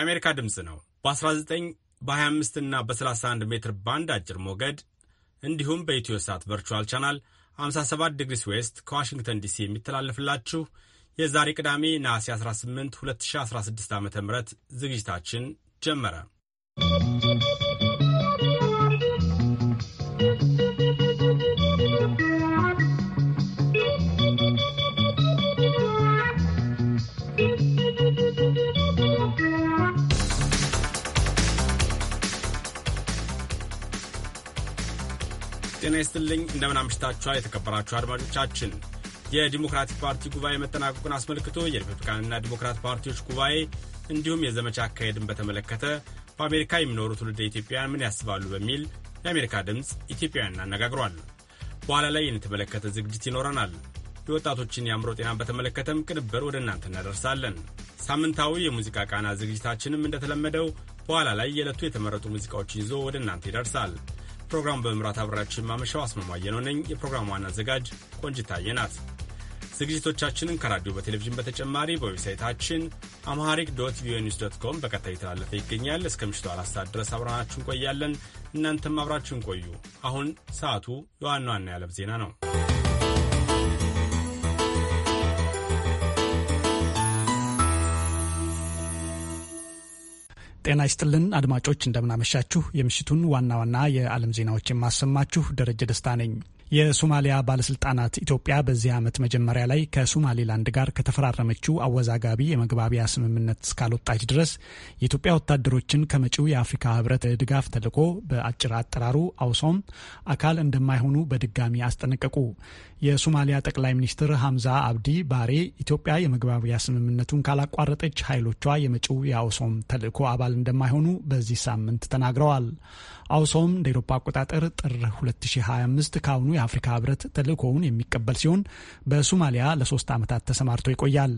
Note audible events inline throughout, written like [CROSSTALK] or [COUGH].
የአሜሪካ ድምፅ ነው። በ19 በ25 እና በ31 ሜትር ባንድ አጭር ሞገድ እንዲሁም በኢትዮ ሳት ቨርቹዋል ቻናል 57 ዲግሪስ ዌስት ከዋሽንግተን ዲሲ የሚተላለፍላችሁ የዛሬ ቅዳሜ ነሐሴ 18 2016 ዓ ም ዝግጅታችን ጀመረ። ይስጥልኝ። እንደምን አምሽታችኋል የተከበራችሁ አድማጮቻችን። የዲሞክራቲክ ፓርቲ ጉባኤ መጠናቀቁን አስመልክቶ የሪፐብሊካንና ዲሞክራት ፓርቲዎች ጉባኤ እንዲሁም የዘመቻ አካሄድን በተመለከተ በአሜሪካ የሚኖሩ ትውልደ ኢትዮጵያውያን ምን ያስባሉ በሚል የአሜሪካ ድምፅ ኢትዮጵያውያንን አነጋግሯል። በኋላ ላይ የተመለከተ ዝግጅት ይኖረናል። የወጣቶችን የአእምሮ ጤናን በተመለከተም ቅንብር ወደ እናንተ እናደርሳለን። ሳምንታዊ የሙዚቃ ቃና ዝግጅታችንም እንደተለመደው በኋላ ላይ የዕለቱ የተመረጡ ሙዚቃዎችን ይዞ ወደ እናንተ ይደርሳል። ፕሮግራም በመምራት አብራችን ማመሻው አስማማየ ነው ነኝ። የፕሮግራሙ ዋና አዘጋጅ ቆንጅታዬ ናት። ዝግጅቶቻችንን ከራዲዮ በቴሌቪዥን በተጨማሪ በዌብሳይታችን አምሃሪክ ዶት ቪኦኤ ኒውስ ዶት ኮም በቀጥታ የተላለፈ ይገኛል። እስከ ምሽቱ አራት ሰዓት ድረስ አብረናችሁን ቆያለን። እናንተም አብራችሁን ቆዩ። አሁን ሰዓቱ የዋና ዋና የዓለም ዜና ነው። ጤና ይስጥልን አድማጮች፣ እንደምናመሻችሁ። የምሽቱን ዋና ዋና የዓለም ዜናዎች የማሰማችሁ ደረጀ ደስታ ነኝ። የሶማሊያ ባለስልጣናት ኢትዮጵያ በዚህ ዓመት መጀመሪያ ላይ ከሶማሌላንድ ጋር ከተፈራረመችው አወዛጋቢ የመግባቢያ ስምምነት እስካልወጣች ድረስ የኢትዮጵያ ወታደሮችን ከመጪው የአፍሪካ ህብረት ድጋፍ ተልዕኮ በአጭር አጠራሩ አውሶም አካል እንደማይሆኑ በድጋሚ አስጠነቀቁ። የሶማሊያ ጠቅላይ ሚኒስትር ሐምዛ አብዲ ባሬ ኢትዮጵያ የመግባቢያ ስምምነቱን ካላቋረጠች ኃይሎቿ የመጪው የአውሶም ተልዕኮ አባል እንደማይሆኑ በዚህ ሳምንት ተናግረዋል። አውሶም እንደ ኤሮፓ አቆጣጠር ጥር 2025 ከአሁኑ የአፍሪካ ህብረት ተልዕኮውን የሚቀበል ሲሆን በሶማሊያ ለሶስት ዓመታት ተሰማርቶ ይቆያል።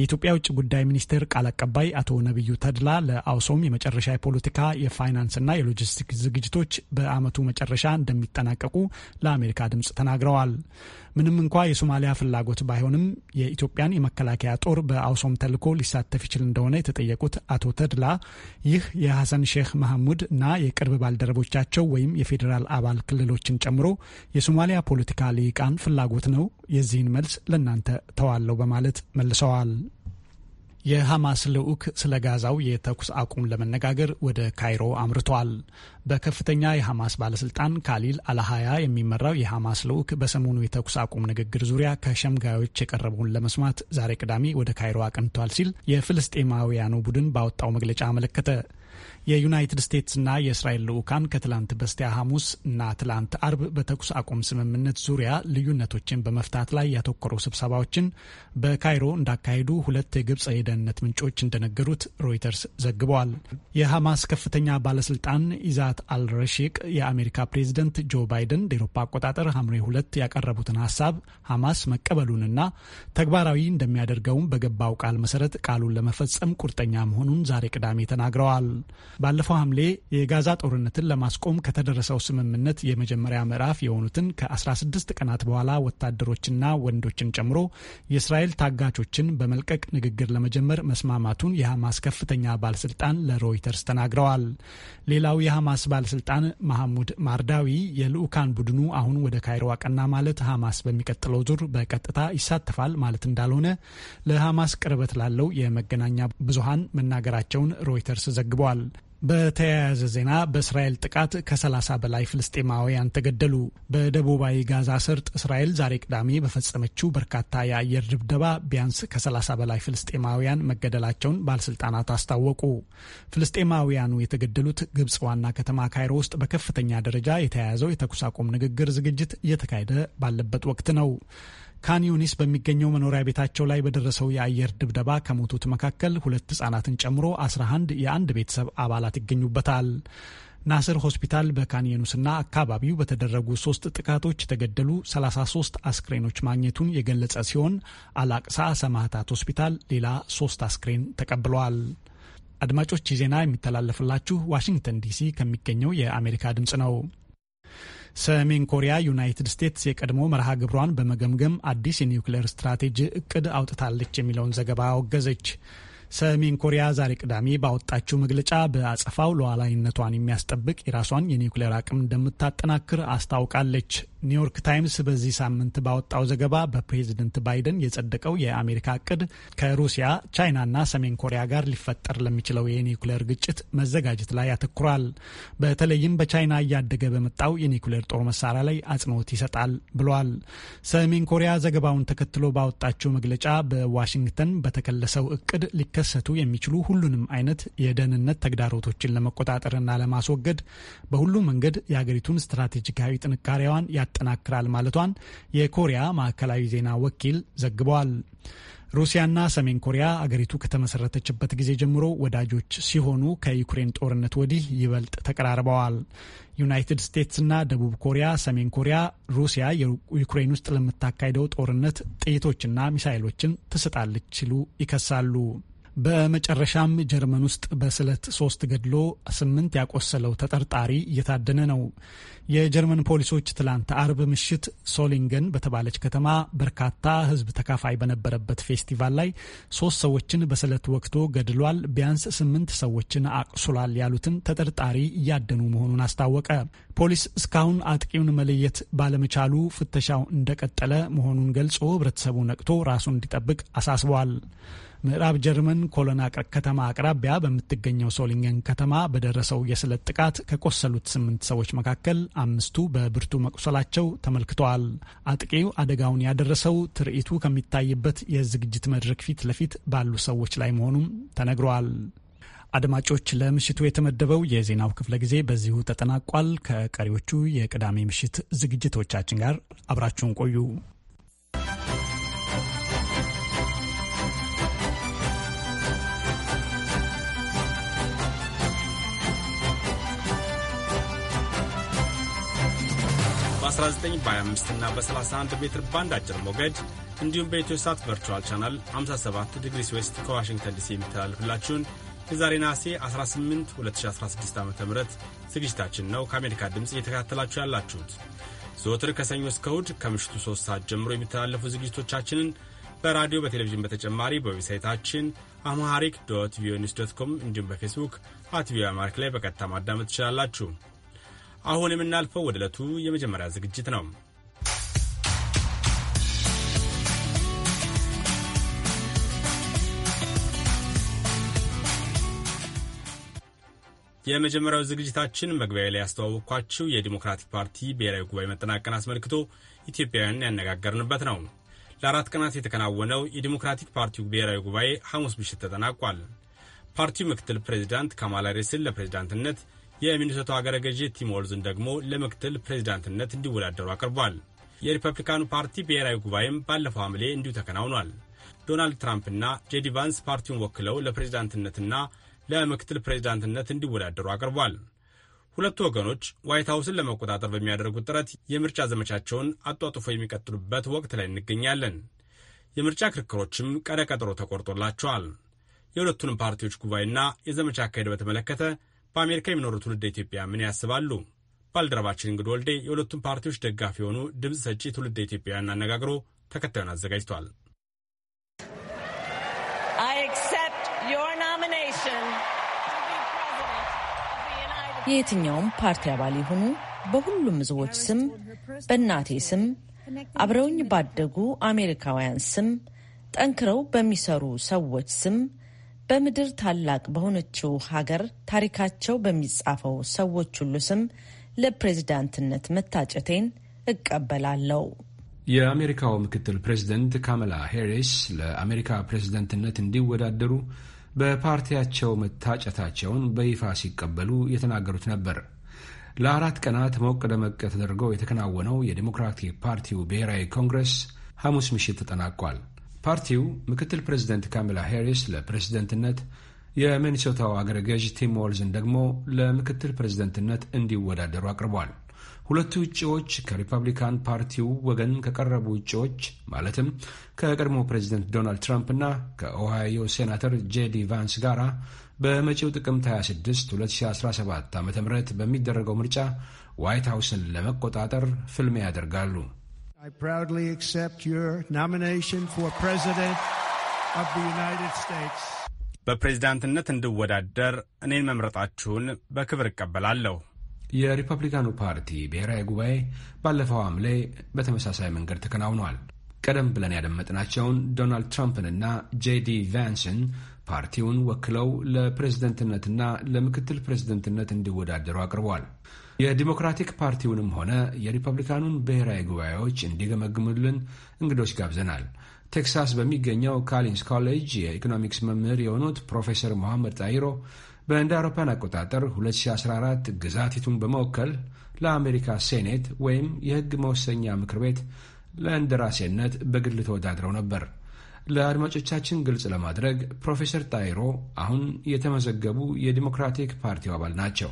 የኢትዮጵያ ውጭ ጉዳይ ሚኒስቴር ቃል አቀባይ አቶ ነቢዩ ተድላ ለአውሶም የመጨረሻ የፖለቲካ የፋይናንስና የሎጂስቲክስ ዝግጅቶች በዓመቱ መጨረሻ እንደሚጠናቀቁ ለአሜሪካ ድምፅ ተናግረዋል። ምንም እንኳ የሶማሊያ ፍላጎት ባይሆንም የኢትዮጵያን የመከላከያ ጦር በአውሶም ተልኮ ሊሳተፍ ይችል እንደሆነ የተጠየቁት አቶ ተድላ ይህ የሐሰን ሼክ መሐሙድ እና የቅርብ ባልደረቦቻቸው ወይም የፌዴራል አባል ክልሎችን ጨምሮ የሶማሊያ ፖለቲካ ልሂቃን ፍላጎት ነው፣ የዚህን መልስ ለእናንተ ተዋለው በማለት መልሰዋል። የሐማስ ልዑክ ስለ ጋዛው የተኩስ አቁም ለመነጋገር ወደ ካይሮ አምርቷል። በከፍተኛ የሐማስ ባለስልጣን ካሊል አልሃያ የሚመራው የሐማስ ልዑክ በሰሞኑ የተኩስ አቁም ንግግር ዙሪያ ከሸምጋዮች የቀረበውን ለመስማት ዛሬ ቅዳሜ ወደ ካይሮ አቅንቷል ሲል የፍልስጤማውያኑ ቡድን ባወጣው መግለጫ አመለከተ። የዩናይትድ ስቴትስና የእስራኤል ልዑካን ከትላንት በስቲያ ሐሙስ እና ትላንት አርብ በተኩስ አቁም ስምምነት ዙሪያ ልዩነቶችን በመፍታት ላይ ያተኮሩ ስብሰባዎችን በካይሮ እንዳካሄዱ ሁለት የግብፅ የደህንነት ምንጮች እንደነገሩት ሮይተርስ ዘግበዋል። የሐማስ ከፍተኛ ባለስልጣን ኢዛት አልረሺቅ የአሜሪካ ፕሬዝደንት ጆ ባይደን ለአውሮፓ አቆጣጠር ሐምሌ ሁለት ያቀረቡትን ሀሳብ ሐማስ መቀበሉንና ተግባራዊ እንደሚያደርገውም በገባው ቃል መሰረት ቃሉን ለመፈጸም ቁርጠኛ መሆኑን ዛሬ ቅዳሜ ተናግረዋል። ባለፈው ሐምሌ የጋዛ ጦርነትን ለማስቆም ከተደረሰው ስምምነት የመጀመሪያ ምዕራፍ የሆኑትን ከ16 ቀናት በኋላ ወታደሮችና ወንዶችን ጨምሮ የእስራኤል ታጋቾችን በመልቀቅ ንግግር ለመጀመር መስማማቱን የሐማስ ከፍተኛ ባለስልጣን ለሮይተርስ ተናግረዋል። ሌላው የሐማስ ባለስልጣን መሐሙድ ማርዳዊ የልዑካን ቡድኑ አሁን ወደ ካይሮ አቀና ማለት ሐማስ በሚቀጥለው ዙር በቀጥታ ይሳተፋል ማለት እንዳልሆነ ለሐማስ ቅርበት ላለው የመገናኛ ብዙሃን መናገራቸውን ሮይተርስ ዘግቧል። በተያያዘ ዜና በእስራኤል ጥቃት ከ30 በላይ ፍልስጤማውያን ተገደሉ። በደቡባዊ ጋዛ ስርጥ እስራኤል ዛሬ ቅዳሜ በፈጸመችው በርካታ የአየር ድብደባ ቢያንስ ከ30 በላይ ፍልስጤማውያን መገደላቸውን ባለስልጣናት አስታወቁ። ፍልስጤማውያኑ የተገደሉት ግብጽ ዋና ከተማ ካይሮ ውስጥ በከፍተኛ ደረጃ የተያያዘው የተኩስ አቁም ንግግር ዝግጅት እየተካሄደ ባለበት ወቅት ነው። ካንዩኒስ በሚገኘው መኖሪያ ቤታቸው ላይ በደረሰው የአየር ድብደባ ከሞቱት መካከል ሁለት ህጻናትን ጨምሮ 11 የአንድ ቤተሰብ አባላት ይገኙበታል። ናስር ሆስፒታል በካንየኑስና አካባቢው በተደረጉ ሶስት ጥቃቶች የተገደሉ 33 አስክሬኖች ማግኘቱን የገለጸ ሲሆን አላቅሳ ሰማዕታት ሆስፒታል ሌላ ሶስት አስክሬን ተቀብለዋል። አድማጮች፣ ዜና የሚተላለፍላችሁ ዋሽንግተን ዲሲ ከሚገኘው የአሜሪካ ድምፅ ነው። ሰሜን ኮሪያ ዩናይትድ ስቴትስ የቀድሞ መርሃ ግብሯን በመገምገም አዲስ የኒውክሌር ስትራቴጂ እቅድ አውጥታለች የሚለውን ዘገባ አወገዘች። ሰሜን ኮሪያ ዛሬ ቅዳሜ ባወጣችው መግለጫ በአጸፋው ሉዓላዊነቷን የሚያስጠብቅ የራሷን የኒውክሌር አቅም እንደምታጠናክር አስታውቃለች። ኒውዮርክ ታይምስ በዚህ ሳምንት ባወጣው ዘገባ በፕሬዝደንት ባይደን የጸደቀው የአሜሪካ እቅድ ከሩሲያ ቻይናና ሰሜን ኮሪያ ጋር ሊፈጠር ለሚችለው የኒውክሌር ግጭት መዘጋጀት ላይ ያተኩራል። በተለይም በቻይና እያደገ በመጣው የኒውክሌር ጦር መሳሪያ ላይ አጽንኦት ይሰጣል ብሏል። ሰሜን ኮሪያ ዘገባውን ተከትሎ ባወጣችው መግለጫ በዋሽንግተን በተከለሰው እቅድ ሊከሰቱ የሚችሉ ሁሉንም አይነት የደህንነት ተግዳሮቶችን ለመቆጣጠርና ለማስወገድ በሁሉ መንገድ የሀገሪቱን ስትራቴጂካዊ ጥንካሬዋን ያጠናክራል ማለቷን የኮሪያ ማዕከላዊ ዜና ወኪል ዘግበዋል። ሩሲያና ሰሜን ኮሪያ አገሪቱ ከተመሰረተችበት ጊዜ ጀምሮ ወዳጆች ሲሆኑ ከዩክሬን ጦርነት ወዲህ ይበልጥ ተቀራርበዋል። ዩናይትድ ስቴትስና ደቡብ ኮሪያ ሰሜን ኮሪያ ሩሲያ የዩክሬን ውስጥ ለምታካሂደው ጦርነት ጥይቶችና ሚሳይሎችን ትሰጣለች ሲሉ ይከሳሉ። በመጨረሻም ጀርመን ውስጥ በስለት ሶስት ገድሎ ስምንት ያቆሰለው ተጠርጣሪ እየታደነ ነው። የጀርመን ፖሊሶች ትላንት አርብ ምሽት ሶሊንገን በተባለች ከተማ በርካታ ሕዝብ ተካፋይ በነበረበት ፌስቲቫል ላይ ሶስት ሰዎችን በስለት ወቅቶ ገድሏል፣ ቢያንስ ስምንት ሰዎችን አቁስሏል ያሉትን ተጠርጣሪ እያደኑ መሆኑን አስታወቀ። ፖሊስ እስካሁን አጥቂውን መለየት ባለመቻሉ ፍተሻው እንደቀጠለ መሆኑን ገልጾ ህብረተሰቡ ነቅቶ ራሱን እንዲጠብቅ አሳስበዋል። ምዕራብ ጀርመን ኮሎና ከተማ አቅራቢያ በምትገኘው ሶሊንገን ከተማ በደረሰው የስለት ጥቃት ከቆሰሉት ስምንት ሰዎች መካከል አምስቱ በብርቱ መቁሰላቸው ተመልክተዋል። አጥቂው አደጋውን ያደረሰው ትርኢቱ ከሚታይበት የዝግጅት መድረክ ፊት ለፊት ባሉ ሰዎች ላይ መሆኑም ተነግረዋል። አድማጮች፣ ለምሽቱ የተመደበው የዜናው ክፍለ ጊዜ በዚሁ ተጠናቋል። ከቀሪዎቹ የቅዳሜ ምሽት ዝግጅቶቻችን ጋር አብራችሁን ቆዩ። በ19 በ25 እና በ31 ሜትር ባንድ አጭር ሞገድ እንዲሁም በኢትዮ ሳት ቨርቹዋል ቻናል 57 ዲግሪ ስዌስት ከዋሽንግተን ዲሲ የሚተላልፍላችሁን የዛሬ ናሴ 18 2016 ዓ ም ዝግጅታችን ነው ከአሜሪካ ድምፅ እየተከታተላችሁ ያላችሁት። ዘወትር ከሰኞ እስከ እሁድ ከምሽቱ 3 ሰዓት ጀምሮ የሚተላለፉ ዝግጅቶቻችንን በራዲዮ በቴሌቪዥን በተጨማሪ በዌብሳይታችን አምሃሪክ ዶት ቪኦኤ ኒውስ ዶት ኮም እንዲሁም በፌስቡክ አት ቪኦኤ አማሪክ ላይ በቀጥታ ማዳመጥ ትችላላችሁ። አሁን የምናልፈው ወደ ዕለቱ የመጀመሪያ ዝግጅት ነው። የመጀመሪያው ዝግጅታችን መግቢያ ላይ ያስተዋወቅኳችሁ የዲሞክራቲክ ፓርቲ ብሔራዊ ጉባኤ መጠናቀን አስመልክቶ ኢትዮጵያውያን ያነጋገርንበት ነው። ለአራት ቀናት የተከናወነው የዲሞክራቲክ ፓርቲው ብሔራዊ ጉባኤ ሐሙስ ምሽት ተጠናቋል። ፓርቲው ምክትል ፕሬዚዳንት ካማላ ሪስን ለፕሬዚዳንትነት የሚኒሶታው አገረ ገዢ ቲም ዋልዝን ደግሞ ለምክትል ፕሬዚዳንትነት እንዲወዳደሩ አቅርቧል። የሪፐብሊካኑ ፓርቲ ብሔራዊ ጉባኤም ባለፈው ሐምሌ እንዲሁ ተከናውኗል። ዶናልድ ትራምፕና ጄዲ ቫንስ ፓርቲውን ወክለው ለፕሬዚዳንትነትና ለምክትል ፕሬዚዳንትነት እንዲወዳደሩ አቅርቧል። ሁለቱ ወገኖች ዋይት ሀውስን ለመቆጣጠር በሚያደርጉት ጥረት የምርጫ ዘመቻቸውን አጧጡፎ የሚቀጥሉበት ወቅት ላይ እንገኛለን። የምርጫ ክርክሮችም ቀነ ቀጠሮ ተቆርጦላቸዋል። የሁለቱንም ፓርቲዎች ጉባኤና የዘመቻ አካሄድ በተመለከተ በአሜሪካ የሚኖሩ ትውልደ ኢትዮጵያ ምን ያስባሉ? ባልደረባችን እንግድ ወልዴ የሁለቱም ፓርቲዎች ደጋፊ የሆኑ ድምፅ ሰጪ ትውልደ ኢትዮጵያውያን አነጋግሮ ተከታዩን አዘጋጅቷል። የየትኛውም ፓርቲ አባል የሆኑ በሁሉም ሕዝቦች ስም፣ በእናቴ ስም፣ አብረውኝ ባደጉ አሜሪካውያን ስም፣ ጠንክረው በሚሰሩ ሰዎች ስም በምድር ታላቅ በሆነችው ሀገር ታሪካቸው በሚጻፈው ሰዎች ሁሉ ስም ለፕሬዝዳንትነት መታጨቴን እቀበላለሁ። የአሜሪካው ምክትል ፕሬዝደንት ካመላ ሄሪስ ለአሜሪካ ፕሬዝደንትነት እንዲወዳደሩ በፓርቲያቸው መታጨታቸውን በይፋ ሲቀበሉ የተናገሩት ነበር። ለአራት ቀናት ሞቅ ደመቅ ተደርገው የተከናወነው የዴሞክራቲክ ፓርቲው ብሔራዊ ኮንግረስ ሐሙስ ምሽት ተጠናቋል። ፓርቲው ምክትል ፕሬዚደንት ካሜላ ሄሪስ ለፕሬዚደንትነት፣ የሚኒሶታው አገረ ገዥ ቲም ዎልዝን ደግሞ ለምክትል ፕሬዚደንትነት እንዲወዳደሩ አቅርቧል። ሁለቱ እጩዎች ከሪፐብሊካን ፓርቲው ወገን ከቀረቡ እጩዎች ማለትም ከቀድሞ ፕሬዚደንት ዶናልድ ትራምፕ እና ከኦሃዮ ሴናተር ጄዲ ቫንስ ጋር በመጪው ጥቅምት 26 2017 ዓ ም በሚደረገው ምርጫ ዋይት ሃውስን ለመቆጣጠር ፍልሚያ ያደርጋሉ። I proudly accept your nomination for president of the United States. በፕሬዝዳንትነት እንድወዳደር እኔን መምረጣችሁን በክብር እቀበላለሁ። የሪፐብሊካኑ ፓርቲ ብሔራዊ ጉባኤ ባለፈው ሐምሌ በተመሳሳይ መንገድ ተከናውኗል። ቀደም ብለን ያደመጥናቸውን ዶናልድ ትራምፕንና ጄዲ ቫንስን ፓርቲውን ወክለው ለፕሬዝደንትነትና ለምክትል ፕሬዝደንትነት እንዲወዳደሩ አቅርቧል። የዲሞክራቲክ ፓርቲውንም ሆነ የሪፐብሊካኑን ብሔራዊ ጉባኤዎች እንዲገመግሙልን እንግዶች ጋብዘናል። ቴክሳስ በሚገኘው ካሊንስ ኮሌጅ የኢኮኖሚክስ መምህር የሆኑት ፕሮፌሰር መሐመድ ጣይሮ በእንደ አውሮፓን አቆጣጠር 2014 ግዛቲቱን በመወከል ለአሜሪካ ሴኔት ወይም የሕግ መወሰኛ ምክር ቤት ለእንደራሴነት በግል ተወዳድረው ነበር። ለአድማጮቻችን ግልጽ ለማድረግ ፕሮፌሰር ጣይሮ አሁን የተመዘገቡ የዲሞክራቲክ ፓርቲው አባል ናቸው።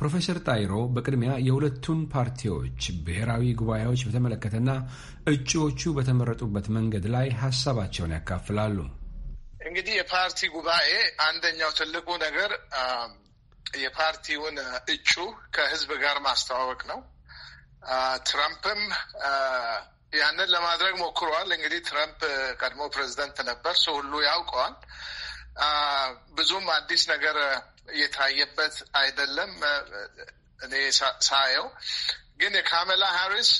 ፕሮፌሰር ጣይሮ በቅድሚያ የሁለቱን ፓርቲዎች ብሔራዊ ጉባኤዎች በተመለከተና እጩዎቹ በተመረጡበት መንገድ ላይ ሀሳባቸውን ያካፍላሉ። እንግዲህ የፓርቲ ጉባኤ አንደኛው ትልቁ ነገር የፓርቲውን እጩ ከህዝብ ጋር ማስተዋወቅ ነው። ትራምፕም ያንን ለማድረግ ሞክሯል። እንግዲህ ትራምፕ ቀድሞ ፕሬዚደንት ነበር፣ ሰው ሁሉ ያውቀዋል። ብዙም አዲስ ነገር የታየበት አይደለም። እኔ ሳየው ግን የካሜላ ሃሪስ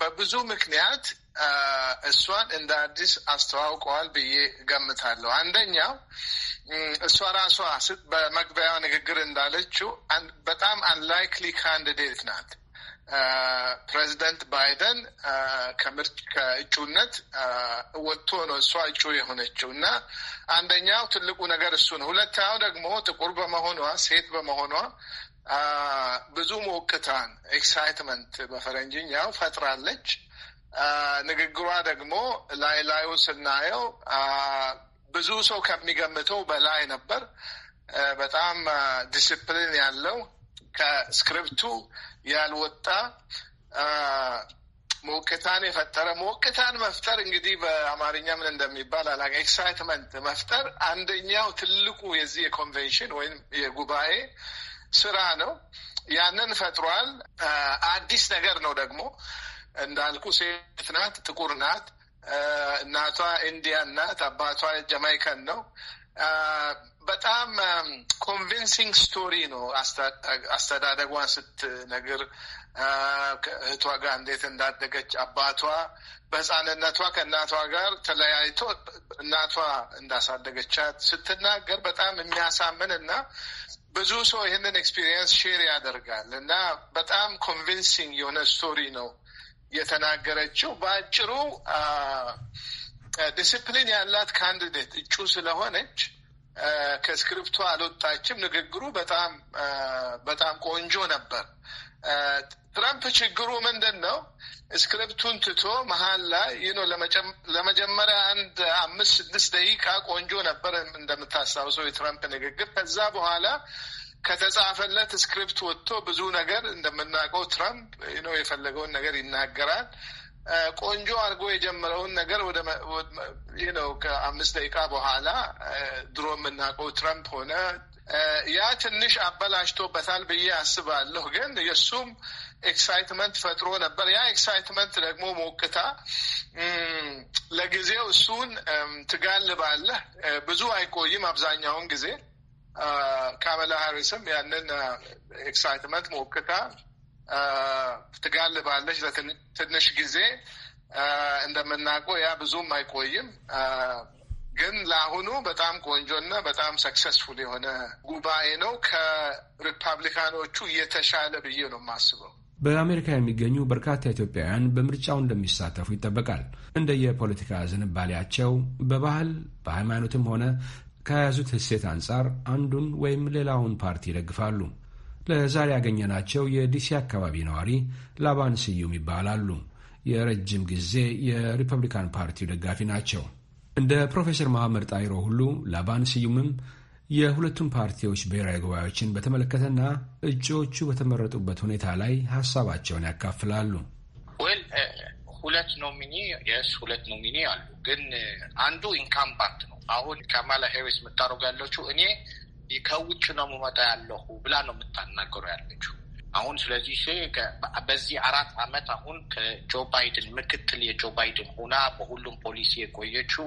በብዙ ምክንያት እሷን እንደ አዲስ አስተዋውቀዋል ብዬ ገምታለሁ። አንደኛው እሷ ራሷ በመግቢያዋ ንግግር እንዳለችው በጣም አንላይክሊ ካንዲዴት ናት። ፕሬዚደንት ባይደን ከምርጭ ከእጩነት ወጥቶ ነው እሷ እጩ የሆነችው እና አንደኛው ትልቁ ነገር እሱ ነው። ሁለተኛው ደግሞ ጥቁር በመሆኗ ሴት በመሆኗ ብዙ ሞቅታን ኤክሳይትመንት በፈረንጅኛው ፈጥራለች። ንግግሯ ደግሞ ላይ ላዩ ስናየው ብዙ ሰው ከሚገምተው በላይ ነበር። በጣም ዲስፕሊን ያለው ከስክሪፕቱ ያልወጣ ሞቅታን የፈጠረ ሞቅታን መፍጠር እንግዲህ በአማርኛ ምን እንደሚባል አላ ኤክሳይትመንት መፍጠር አንደኛው ትልቁ የዚህ የኮንቬንሽን ወይም የጉባኤ ስራ ነው። ያንን ፈጥሯል። አዲስ ነገር ነው። ደግሞ እንዳልኩ ሴት ናት፣ ጥቁር ናት፣ እናቷ ኢንዲያን ናት፣ አባቷ ጀማይካን ነው። በጣም ኮንቪንሲንግ ስቶሪ ነው። አስተዳደጓን ስትነግር እህቷ ጋር እንዴት እንዳደገች አባቷ በህፃንነቷ ከእናቷ ጋር ተለያይቶ እናቷ እንዳሳደገቻት ስትናገር በጣም የሚያሳምን እና ብዙ ሰው ይህንን ኤክስፒሪየንስ ሼር ያደርጋል እና በጣም ኮንቪንሲንግ የሆነ ስቶሪ ነው የተናገረችው። በአጭሩ ዲስፕሊን ያላት ካንዲዴት እጩ ስለሆነች ከስክሪፕቱ አልወጣችም። ንግግሩ በጣም በጣም ቆንጆ ነበር። ትራምፕ ችግሩ ምንድን ነው? ስክሪፕቱን ትቶ መሀል ላይ ይኖ ለመጀመሪያ አንድ አምስት ስድስት ደቂቃ ቆንጆ ነበር እንደምታስታውሰው የትራምፕ ንግግር። ከዛ በኋላ ከተጻፈለት ስክሪፕት ወጥቶ ብዙ ነገር እንደምናውቀው ትራምፕ ነው የፈለገውን ነገር ይናገራል። ቆንጆ አድርጎ የጀመረውን ነገር ወደ ነው ከአምስት ደቂቃ በኋላ ድሮ የምናውቀው ትረምፕ ሆነ። ያ ትንሽ አበላሽቶበታል ብዬ አስባለሁ። ግን የእሱም ኤክሳይትመንት ፈጥሮ ነበር። ያ ኤክሳይትመንት ደግሞ ሞቅታ ለጊዜው እሱን ትጋልባለህ። ብዙ አይቆይም። አብዛኛውን ጊዜ ካመላ ሃሪስም ያንን ኤክሳይትመንት ሞቅታ ትጋልባለች ለትንሽ ጊዜ። እንደምናውቀው ያ ብዙም አይቆይም። ግን ለአሁኑ በጣም ቆንጆና በጣም ሰክሰስፉል የሆነ ጉባኤ ነው። ከሪፐብሊካኖቹ የተሻለ ብዬ ነው የማስበው። በአሜሪካ የሚገኙ በርካታ ኢትዮጵያውያን በምርጫው እንደሚሳተፉ ይጠበቃል። እንደየፖለቲካ ዝንባሌያቸው፣ በባህል በሃይማኖትም ሆነ ከያዙት እሴት አንጻር አንዱን ወይም ሌላውን ፓርቲ ይደግፋሉ። ለዛሬ ያገኘናቸው የዲሲ አካባቢ ነዋሪ ላባን ስዩም ይባላሉ። የረጅም ጊዜ የሪፐብሊካን ፓርቲው ደጋፊ ናቸው። እንደ ፕሮፌሰር መሐመድ ጣይሮ ሁሉ ላባን ስዩምም የሁለቱም ፓርቲዎች ብሔራዊ ጉባኤዎችን በተመለከተና እጩዎቹ በተመረጡበት ሁኔታ ላይ ሀሳባቸውን ያካፍላሉ። uh, ሁለት ኖሚኒ የስ ሁለት ኖሚኒ አሉ፣ ግን uh, አንዱ ኢንካምባንት ነው። አሁን ካማላ ሄሪስ የምታደርገው ያለችው እኔ ከውጭ ነው የምመጣ ያለሁ ብላ ነው የምታናገረው ያለችው። አሁን ስለዚህ በዚህ አራት አመት አሁን ከጆ ባይደን ምክትል የጆ ባይደን ሆና በሁሉም ፖሊሲ የቆየችው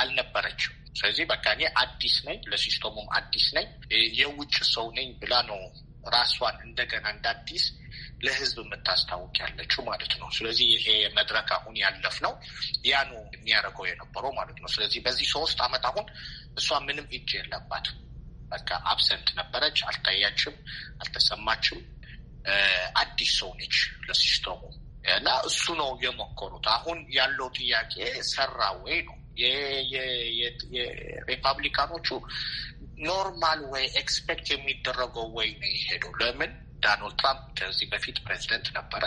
አልነበረችው። ስለዚህ በቃ እኔ አዲስ ነኝ፣ ለሲስተሙም አዲስ ነኝ፣ የውጭ ሰው ነኝ ብላ ነው ራሷን እንደገና እንደ አዲስ ለህዝብ የምታስታውቅ ያለችው ማለት ነው። ስለዚህ ይሄ መድረክ አሁን ያለፍ ነው ያኑ የሚያደርገው የነበረው ማለት ነው። ስለዚህ በዚህ ሶስት አመት አሁን እሷ ምንም እጅ የለባትም። በቃ አብሰንት ነበረች። አልታያችም፣ አልተሰማችም። አዲስ ሰው ነች ለሲስተሙ እና እሱ ነው የሞከሩት። አሁን ያለው ጥያቄ ሰራ ወይ ነው። የሪፐብሊካኖቹ ኖርማል ወይ ኤክስፔክት የሚደረገው ወይ ነው የሄደው። ለምን ዳናልድ ትራምፕ ከዚህ በፊት ፕሬዚደንት ነበረ።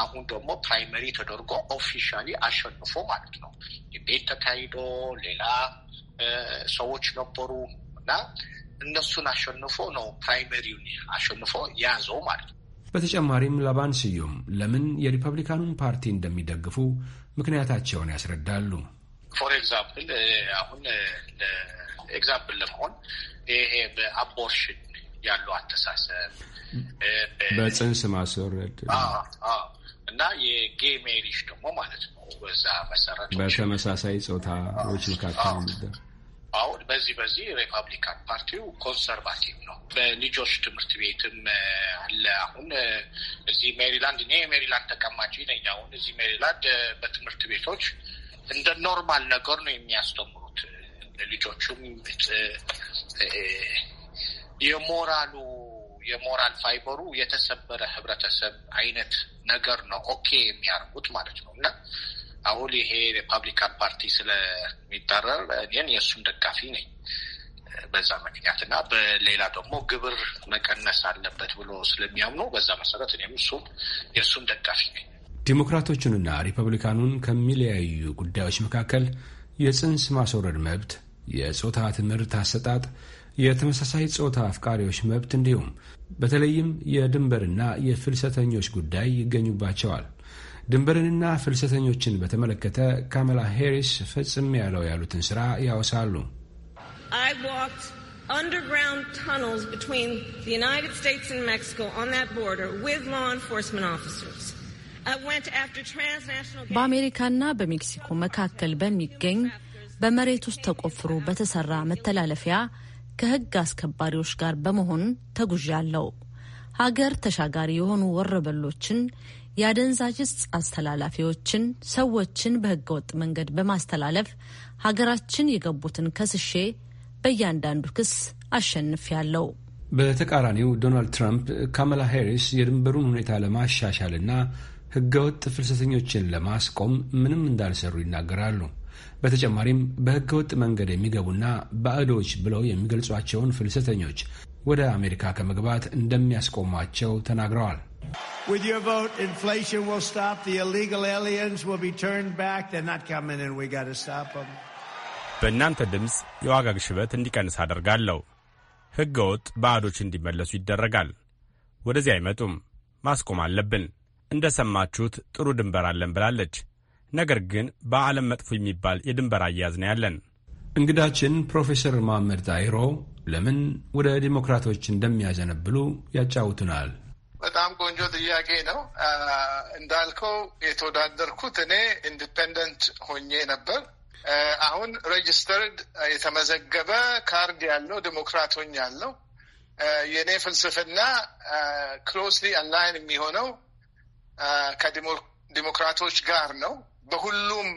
አሁን ደግሞ ፕራይመሪ ተደርጎ ኦፊሻሊ አሸንፎ ማለት ነው። ቤት ተካሂዶ ሌላ ሰዎች ነበሩ እና እነሱን አሸንፎ ነው ፕራይመሪውን አሸንፎ ያዘው ማለት ነው። በተጨማሪም ለባን ስዩም ለምን የሪፐብሊካኑን ፓርቲ እንደሚደግፉ ምክንያታቸውን ያስረዳሉ። ፎር ኤግዛምፕል አሁን ኤግዛምፕል ለመሆን ይሄ በአቦርሽን ያለው አተሳሰብ በጽንስ ማስወረድ እና የጌ ሜሪሽ ደግሞ ማለት ነው በዛ መሰረት በተመሳሳይ ጾታዎች መካከል ነበር አሁን በዚህ በዚህ ሪፐብሊካን ፓርቲው ኮንሰርቫቲቭ ነው። በልጆች ትምህርት ቤትም አለ። አሁን እዚህ ሜሪላንድ እኔ የሜሪላንድ ተቀማጭ ነኝ። አሁን እዚህ ሜሪላንድ በትምህርት ቤቶች እንደ ኖርማል ነገር ነው የሚያስተምሩት። ልጆቹም የሞራሉ የሞራል ፋይበሩ የተሰበረ ህብረተሰብ አይነት ነገር ነው ኦኬ የሚያርጉት ማለት ነው እና አሁን ይሄ ሪፐብሊካን ፓርቲ ስለሚባረር እኔን የእሱም ደጋፊ ነኝ በዛ ምክንያት እና በሌላ ደግሞ ግብር መቀነስ አለበት ብሎ ስለሚያምኑ በዛ መሰረት እኔም እሱም የእሱም ደጋፊ ነኝ። ዲሞክራቶቹንና ሪፐብሊካኑን ከሚለያዩ ጉዳዮች መካከል የጽንስ ማስወረድ መብት፣ የጾታ ትምህርት አሰጣጥ፣ የተመሳሳይ ጾታ አፍቃሪዎች መብት እንዲሁም በተለይም የድንበርና የፍልሰተኞች ጉዳይ ይገኙባቸዋል። ድንበርንና ፍልሰተኞችን በተመለከተ ካመላ ሄሪስ ፈጽም ያለው ያሉትን ስራ ያወሳሉ። በአሜሪካና በሜክሲኮ መካከል በሚገኝ በመሬት ውስጥ ተቆፍሮ በተሰራ መተላለፊያ ከሕግ አስከባሪዎች ጋር በመሆን ተጉዣ አለው። ሀገር ተሻጋሪ የሆኑ ወረበሎችን የአደንዛዥ አስተላላፊዎችን ሰዎችን በህገወጥ መንገድ በማስተላለፍ ሀገራችን የገቡትን ከስሼ በእያንዳንዱ ክስ ያለው። በተቃራኒው ዶናልድ ትራምፕ ካማላ ሄሪስ የድንበሩን ሁኔታ ለማሻሻልና ህገወጥ ፍልሰተኞችን ለማስቆም ምንም እንዳልሰሩ ይናገራሉ። በተጨማሪም በህገወጥ መንገድ የሚገቡና ባዕዶች ብለው የሚገልጿቸውን ፍልሰተኞች ወደ አሜሪካ ከመግባት እንደሚያስቆሟቸው ተናግረዋል። With your vote, inflation will stop. The illegal aliens will be turned back. They're not coming and we got to stop them. በእናንተ ድምፅ የዋጋ ግሽበት እንዲቀንስ አደርጋለሁ። ሕገ ወጥ ባዕዶች እንዲመለሱ ይደረጋል። ወደዚህ አይመጡም። ማስቆም አለብን። እንደ ሰማችሁት ጥሩ ድንበር አለን ብላለች። ነገር ግን በዓለም መጥፎ የሚባል የድንበር አያያዝ ነው ያለን። እንግዳችን ፕሮፌሰር መሐመድ ጣይሮ ለምን ወደ ዲሞክራቶች እንደሚያዘነብሉ ያጫውቱናል። በጣም ቆንጆ ጥያቄ ነው። እንዳልከው የተወዳደርኩት እኔ ኢንዲፔንደንት ሆኜ ነበር። አሁን ሬጅስተርድ የተመዘገበ ካርድ ያለው ዲሞክራት ሆኜ ያለው የእኔ ፍልስፍና ክሎስሊ አላይን የሚሆነው ከዲሞክራቶች ጋር ነው። በሁሉም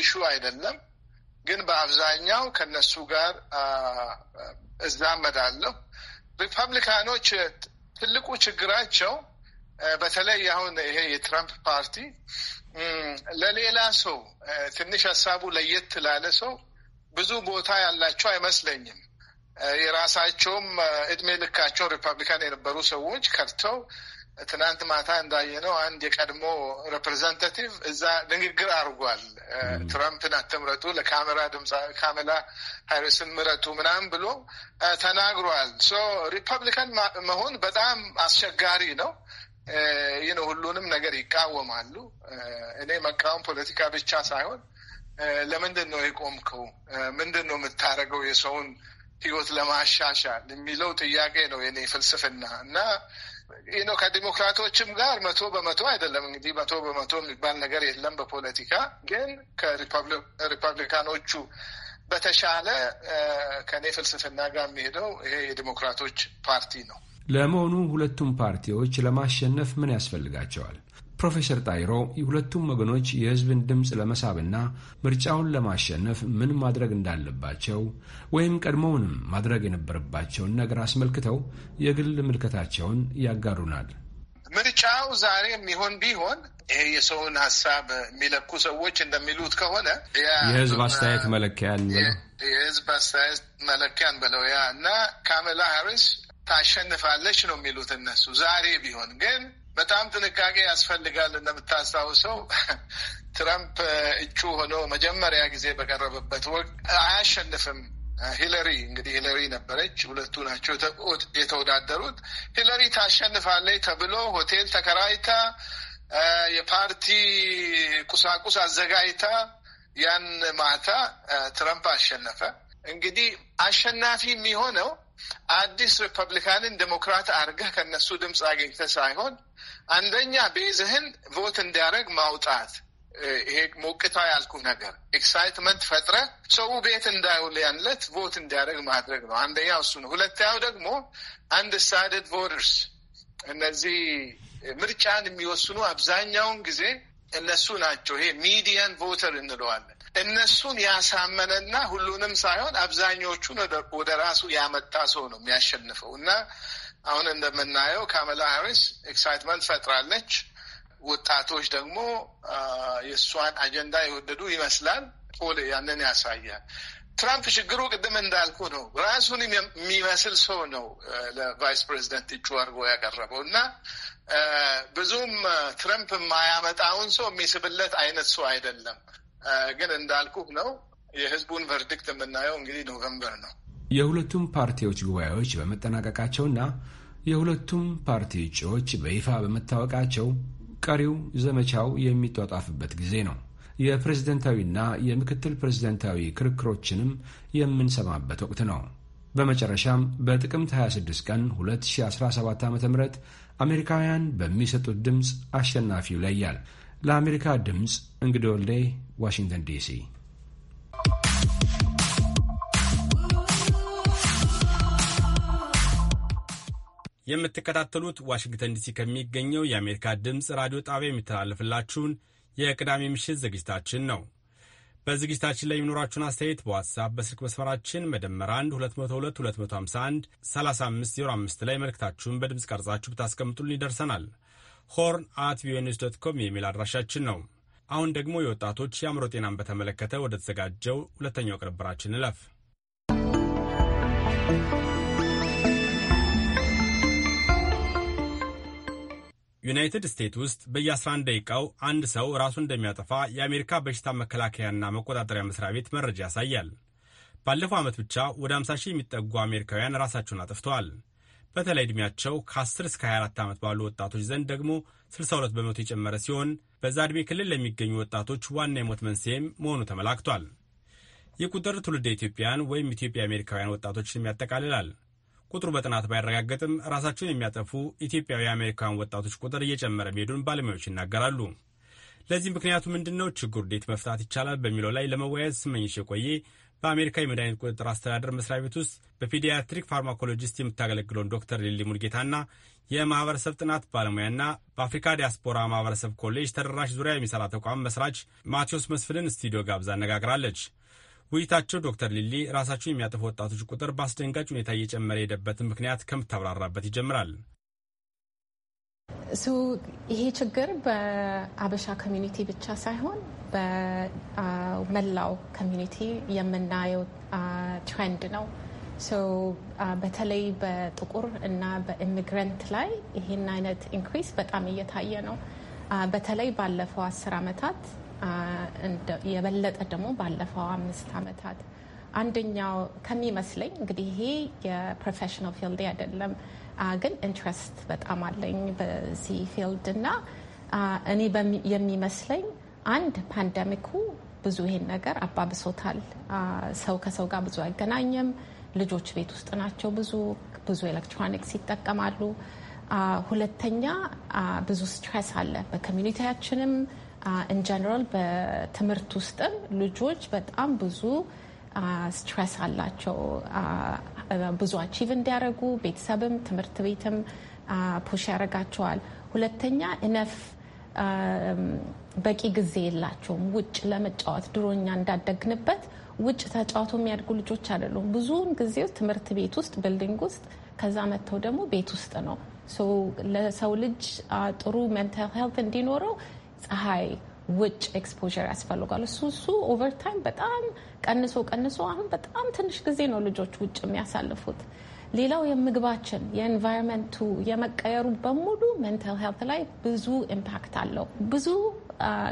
ኢሹ አይደለም፣ ግን በአብዛኛው ከነሱ ጋር እዛመዳለሁ። ሪፐብሊካኖች ትልቁ ችግራቸው በተለይ አሁን ይሄ የትራምፕ ፓርቲ ለሌላ ሰው ትንሽ ሀሳቡ ለየት ላለ ሰው ብዙ ቦታ ያላቸው አይመስለኝም። የራሳቸውም እድሜ ልካቸው ሪፐብሊካን የነበሩ ሰዎች ከርተው ትናንት ማታ እንዳየነው አንድ የቀድሞ ሬፕሬዘንታቲቭ እዛ ንግግር አድርጓል። ትራምፕን አትምረጡ፣ ለካሜራ ድምፃ ካሜላ ሃሪስን ምረጡ ምናምን ብሎ ተናግሯል። ሶ ሪፐብሊካን መሆን በጣም አስቸጋሪ ነው። ይህ ነው ሁሉንም ነገር ይቃወማሉ። እኔ መቃወም ፖለቲካ ብቻ ሳይሆን ለምንድን ነው የቆምከው? ምንድን ነው የምታደርገው የሰውን ህይወት ለማሻሻል የሚለው ጥያቄ ነው የኔ ፍልስፍና እና ይህ ነው። ከዲሞክራቶችም ጋር መቶ በመቶ አይደለም እንግዲህ መቶ በመቶ የሚባል ነገር የለም በፖለቲካ ግን ከሪፐብሊካኖቹ በተሻለ ከእኔ ፍልስፍና ጋር የሚሄደው ይሄ የዲሞክራቶች ፓርቲ ነው። ለመሆኑ ሁለቱም ፓርቲዎች ለማሸነፍ ምን ያስፈልጋቸዋል? ፕሮፌሰር ጣይሮ የሁለቱም ወገኖች የህዝብን ድምፅ ለመሳብና ምርጫውን ለማሸነፍ ምን ማድረግ እንዳለባቸው ወይም ቀድሞውንም ማድረግ የነበረባቸውን ነገር አስመልክተው የግል ምልከታቸውን ያጋሩናል። ምርጫው ዛሬ የሚሆን ቢሆን ይሄ የሰውን ሀሳብ የሚለኩ ሰዎች እንደሚሉት ከሆነ የህዝብ አስተያየት መለኪያን የህዝብ አስተያየት መለኪያን ብለው ያ እና ካሜላ ሀሪስ ታሸንፋለች ነው የሚሉት እነሱ። ዛሬ ቢሆን ግን በጣም ጥንቃቄ ያስፈልጋል። እንደምታስታውሰው [LAUGHS] ትራምፕ እጩ ሆኖ መጀመሪያ ጊዜ በቀረበበት ወቅት አያሸንፍም ሂለሪ እንግዲህ ሂለሪ ነበረች። ሁለቱ ናቸው የተወዳደሩት። ሂለሪ ታሸንፋለች ተብሎ ሆቴል ተከራይታ የፓርቲ ቁሳቁስ አዘጋጅታ ያን ማታ ትረምፕ አሸነፈ። እንግዲህ አሸናፊ የሚሆነው አዲስ ሪፐብሊካንን ዴሞክራት አድርገህ ከነሱ ድምፅ አግኝተህ ሳይሆን አንደኛ ቤዝህን ቮት እንዲያደርግ ማውጣት ይሄ ሞቅታ ያልኩ ነገር ኤክሳይትመንት ፈጥረ ሰው ቤት እንዳይውል ያለት ቮት እንዲያደርግ ማድረግ ነው። አንደኛው እሱ ነው። ሁለተኛው ደግሞ አንድ ቮተርስ፣ እነዚህ ምርጫን የሚወስኑ አብዛኛውን ጊዜ እነሱ ናቸው። ይሄ ሚዲያን ቮተር እንለዋለን። እነሱን ያሳመነና ሁሉንም ሳይሆን አብዛኞቹን ወደ ራሱ ያመጣ ሰው ነው የሚያሸንፈው እና አሁን እንደምናየው ካመላ ሃሪስ ኤክሳይትመንት ፈጥራለች። ወጣቶች ደግሞ የእሷን አጀንዳ የወደዱ ይመስላል። ፖል ያንን ያሳያል። ትራምፕ ችግሩ ቅድም እንዳልኩ ነው። ራሱን የሚመስል ሰው ነው ለቫይስ ፕሬዚደንት እጩ አድርጎ ያቀረበው እና ብዙም ትራምፕ የማያመጣውን ሰው የሚስብለት አይነት ሰው አይደለም። ግን እንዳልኩህ ነው የህዝቡን ቨርዲክት የምናየው እንግዲህ ኖቨምበር ነው። የሁለቱም ፓርቲዎች ጉባኤዎች በመጠናቀቃቸውና የሁለቱም ፓርቲ እጩዎች በይፋ በመታወቃቸው ቀሪው ዘመቻው የሚጧጧፍበት ጊዜ ነው። የፕሬዝደንታዊና የምክትል ፕሬዝደንታዊ ክርክሮችንም የምንሰማበት ወቅት ነው። በመጨረሻም በጥቅምት 26 ቀን 2017 ዓ ም አሜሪካውያን በሚሰጡት ድምፅ አሸናፊው ይለያል። ለአሜሪካ ድምፅ እንግዳ ወልዴ ዋሽንግተን ዲሲ። የምትከታተሉት ዋሽንግተን ዲሲ ከሚገኘው የአሜሪካ ድምፅ ራዲዮ ጣቢያ የሚተላለፍላችሁን የቅዳሜ ምሽት ዝግጅታችን ነው። በዝግጅታችን ላይ የሚኖራችሁን አስተያየት በዋትሳፕ በስልክ መስመራችን መደመር 1 202 251 3505 ላይ መልእክታችሁን በድምፅ ቀርጻችሁ ብታስቀምጡልን ይደርሰናል። ሆርን አት ቪኦኤ ኒውስ ዶት ኮም የሚል አድራሻችን ነው። አሁን ደግሞ የወጣቶች የአእምሮ ጤናን በተመለከተ ወደ ተዘጋጀው ሁለተኛው ቅንብራችን እለፍ። ዩናይትድ ስቴትስ ውስጥ በየ11 ደቂቃው አንድ ሰው ራሱ እንደሚያጠፋ የአሜሪካ በሽታ መከላከያና መቆጣጠሪያ መስሪያ ቤት መረጃ ያሳያል። ባለፈው ዓመት ብቻ ወደ 50 ሺህ የሚጠጉ አሜሪካውያን ራሳቸውን አጥፍተዋል። በተለይ ዕድሜያቸው ከ10 እስከ 24 ዓመት ባሉ ወጣቶች ዘንድ ደግሞ 62 በመቶ የጨመረ ሲሆን በዛ ዕድሜ ክልል ለሚገኙ ወጣቶች ዋና የሞት መንስኤም መሆኑ ተመላክቷል። ይህ ቁጥር ትውልደ ወይም ኢትዮጵያ አሜሪካውያን ወጣቶችንም ያጠቃልላል። ቁጥሩ በጥናት ባይረጋገጥም ራሳቸውን የሚያጠፉ ኢትዮጵያዊ አሜሪካውያን ወጣቶች ቁጥር እየጨመረ መሄዱን ባለሙያዎች ይናገራሉ። ለዚህ ምክንያቱ ምንድን ነው? ችግሩ እንዴት መፍታት ይቻላል? በሚለው ላይ ለመወያየት ስመኝሽ የቆየ በአሜሪካ የመድኃኒት ቁጥጥር አስተዳደር መስሪያ ቤት ውስጥ በፒዲያትሪክ ፋርማኮሎጂስት የምታገለግለውን ዶክተር ሊሊ ሙልጌታና የማህበረሰብ ጥናት ባለሙያና በአፍሪካ ዲያስፖራ ማህበረሰብ ኮሌጅ ተደራሽ ዙሪያ የሚሰራ ተቋም መስራች ማቴዎስ መስፍንን ስቱዲዮ ጋብዛ አነጋግራለች። ውይይታቸው ዶክተር ሊሊ ራሳቸውን የሚያጠፉ ወጣቶች ቁጥር በአስደንጋጭ ሁኔታ እየጨመረ የሄደበትን ምክንያት ከምታብራራበት ይጀምራል። ይሄ ችግር በአበሻ ኮሚኒቲ ብቻ ሳይሆን በመላው ኮሚኒቲ የምናየው ትሬንድ ነው። በተለይ በጥቁር እና በኢሚግረንት ላይ ይህን አይነት ኢንክሪስ በጣም እየታየ ነው። በተለይ ባለፈው አስር አመታት የበለጠ ደግሞ ባለፈው አምስት አመታት አንደኛው ከሚመስለኝ እንግዲህ ይሄ የፕሮፌሽናል ፊልድ አይደለም ግን ኢንትረስት በጣም አለኝ በዚህ ፊልድ እና እኔ የሚመስለኝ አንድ ፓንደሚኩ ብዙ ይሄን ነገር አባብሶታል። ሰው ከሰው ጋር ብዙ አይገናኝም። ልጆች ቤት ውስጥ ናቸው። ብዙ ብዙ ኤሌክትሮኒክስ ይጠቀማሉ። ሁለተኛ ብዙ ስትሬስ አለ በኮሚኒቲያችንም ኢንጀነራል በትምህርት ውስጥም ልጆች በጣም ብዙ ስትሬስ አላቸው። ብዙ አቺቭ እንዲያደርጉ ቤተሰብም ትምህርት ቤትም ፑሽ ያደርጋቸዋል። ሁለተኛ እነፍ በቂ ጊዜ የላቸውም ውጭ ለመጫወት። ድሮኛ እንዳደግንበት ውጭ ተጫውቶ የሚያድጉ ልጆች አይደሉም። ብዙውን ጊዜ ትምህርት ቤት ውስጥ ቢልዲንግ ውስጥ ከዛ መጥተው ደግሞ ቤት ውስጥ ነው። ለሰው ልጅ ጥሩ ሜንታል ሄልት እንዲኖረው ፀሐይ፣ ውጭ ኤክስፖዠር ያስፈልጓል። እሱ እሱ ኦቨርታይም በጣም ቀንሶ ቀንሶ አሁን በጣም ትንሽ ጊዜ ነው ልጆች ውጭ የሚያሳልፉት። ሌላው የምግባችን የኤንቫይሮንመንቱ የመቀየሩ በሙሉ ሜንታል ሄልት ላይ ብዙ ኢምፓክት አለው። ብዙ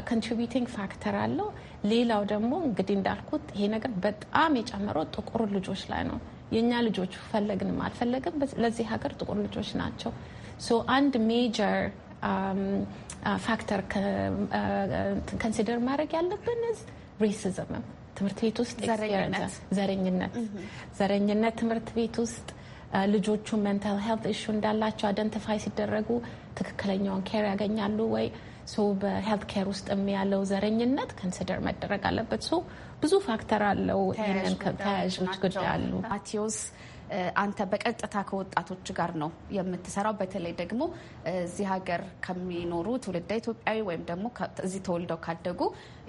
ኮንትሪቢቲንግ ፋክተር አለው። ሌላው ደግሞ እንግዲህ እንዳልኩት ይሄ ነገር በጣም የጨመረው ጥቁር ልጆች ላይ ነው። የእኛ ልጆች ፈለግንም አልፈለግም ለዚህ ሀገር ጥቁር ልጆች ናቸው። ሶ አንድ ሜጀር ፋክተር ከንሲደር ማድረግ ያለብን ሬሲዝምም ትምህርት ቤት ውስጥ ዘረኝነት ዘረኝነት ትምህርት ቤት ውስጥ ልጆቹ ሜንታል ሄልት ኢሹ እንዳላቸው አደንቲፋይ ሲደረጉ ትክክለኛውን ኬር ያገኛሉ ወይ? ሰው በሄልት ኬር ውስጥ ያለው ዘረኝነት ከንስደር መደረግ አለበት። ብዙ ፋክተር አለው። ይህንን ተያያዦች ጉዳይ አሉ። አንተ በቀጥታ ከወጣቶች ጋር ነው የምትሰራው። በተለይ ደግሞ እዚህ ሀገር ከሚኖሩ ትውልደ ኢትዮጵያዊ ወይም ደግሞ እዚህ ተወልደው ካደጉ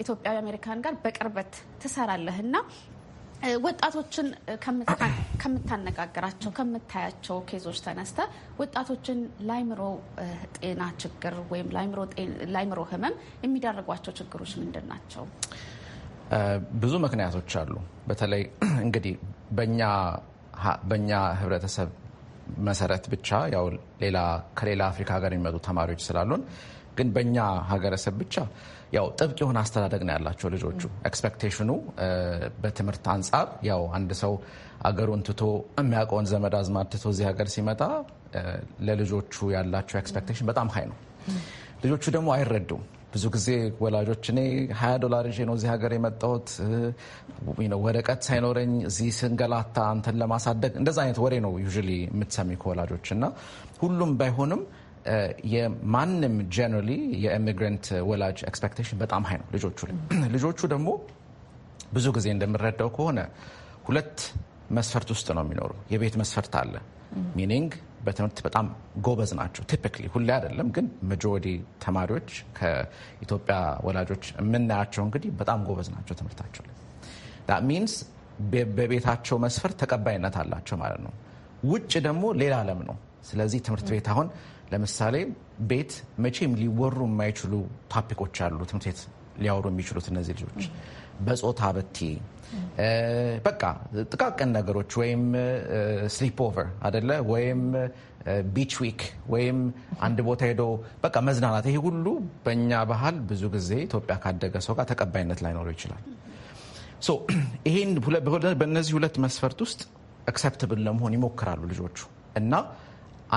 ኢትዮጵያዊ አሜሪካን ጋር በቅርበት ትሰራለህ እና ወጣቶችን [COUGHS] ከምታነጋግራቸው ከምታያቸው ኬዞች ተነስተ ወጣቶችን ለአይምሮ ጤና ችግር ወይም ላይምሮ ህመም የሚዳርጓቸው ችግሮች ምንድን ናቸው? ብዙ ምክንያቶች አሉ። በተለይ [COUGHS] እንግዲህ በእኛ በእኛ ህብረተሰብ መሰረት ብቻ ያው ሌላ ከሌላ አፍሪካ ሀገር የሚመጡ ተማሪዎች ስላሉን ግን በእኛ ሀገረሰብ ብቻ ያው ጥብቅ የሆነ አስተዳደግ ነው ያላቸው ልጆቹ። ኤክስፔክቴሽኑ በትምህርት አንጻር ያው አንድ ሰው አገሩን ትቶ የሚያውቀውን ዘመድ አዝማድ ትቶ እዚህ ሀገር ሲመጣ ለልጆቹ ያላቸው ኤክስፔክቴሽን በጣም ሀይ ነው። ልጆቹ ደግሞ አይረዱም። ብዙ ጊዜ ወላጆች እኔ ሀያ ዶላር ይዤ ነው እዚህ ሀገር የመጣሁት ወረቀት ሳይኖረኝ እዚህ ስንገላታ አንተን ለማሳደግ እንደዛ አይነት ወሬ ነው ዩዥዋሊ የምትሰሚ ከወላጆች እና ሁሉም ባይሆንም የማንም ጀነራሊ የኢሚግራንት ወላጅ ኤክስፔክቴሽን በጣም ሀይ ነው ልጆቹ ላይ። [CLEARS THROAT] ልጆቹ ደግሞ ብዙ ጊዜ እንደምረዳው ከሆነ ሁለት መስፈርት ውስጥ ነው የሚኖሩ። የቤት መስፈርት አለ። ሚኒንግ በትምህርት በጣም ጎበዝ ናቸው። ቲፒክሊ ሁሌ አይደለም ግን መጆሪቲ ተማሪዎች ከኢትዮጵያ ወላጆች የምናያቸው እንግዲህ በጣም ጎበዝ ናቸው ትምህርታቸው ላይ ዳት ሚንስ በቤታቸው መስፈር ተቀባይነት አላቸው ማለት ነው። ውጭ ደግሞ ሌላ ዓለም ነው። ስለዚህ ትምህርት ቤት አሁን ለምሳሌ ቤት መቼም ሊወሩ የማይችሉ ታፒኮች አሉ ትምህርት ቤት ሊያወሩ የሚችሉት እነዚህ ልጆች በጾታ በቴ በቃ ጥቃቅን ነገሮች ወይም ስሊፕ ኦቨር አደለ ወይም ቢች ዊክ ወይም አንድ ቦታ ሄዶ በቃ መዝናናት፣ ይሄ ሁሉ በእኛ ባህል ብዙ ጊዜ ኢትዮጵያ ካደገ ሰው ጋር ተቀባይነት ላይኖረው ይችላል። ይሄን በእነዚህ ሁለት መስፈርት ውስጥ አክሰፕትብል ለመሆን ይሞክራሉ ልጆቹ እና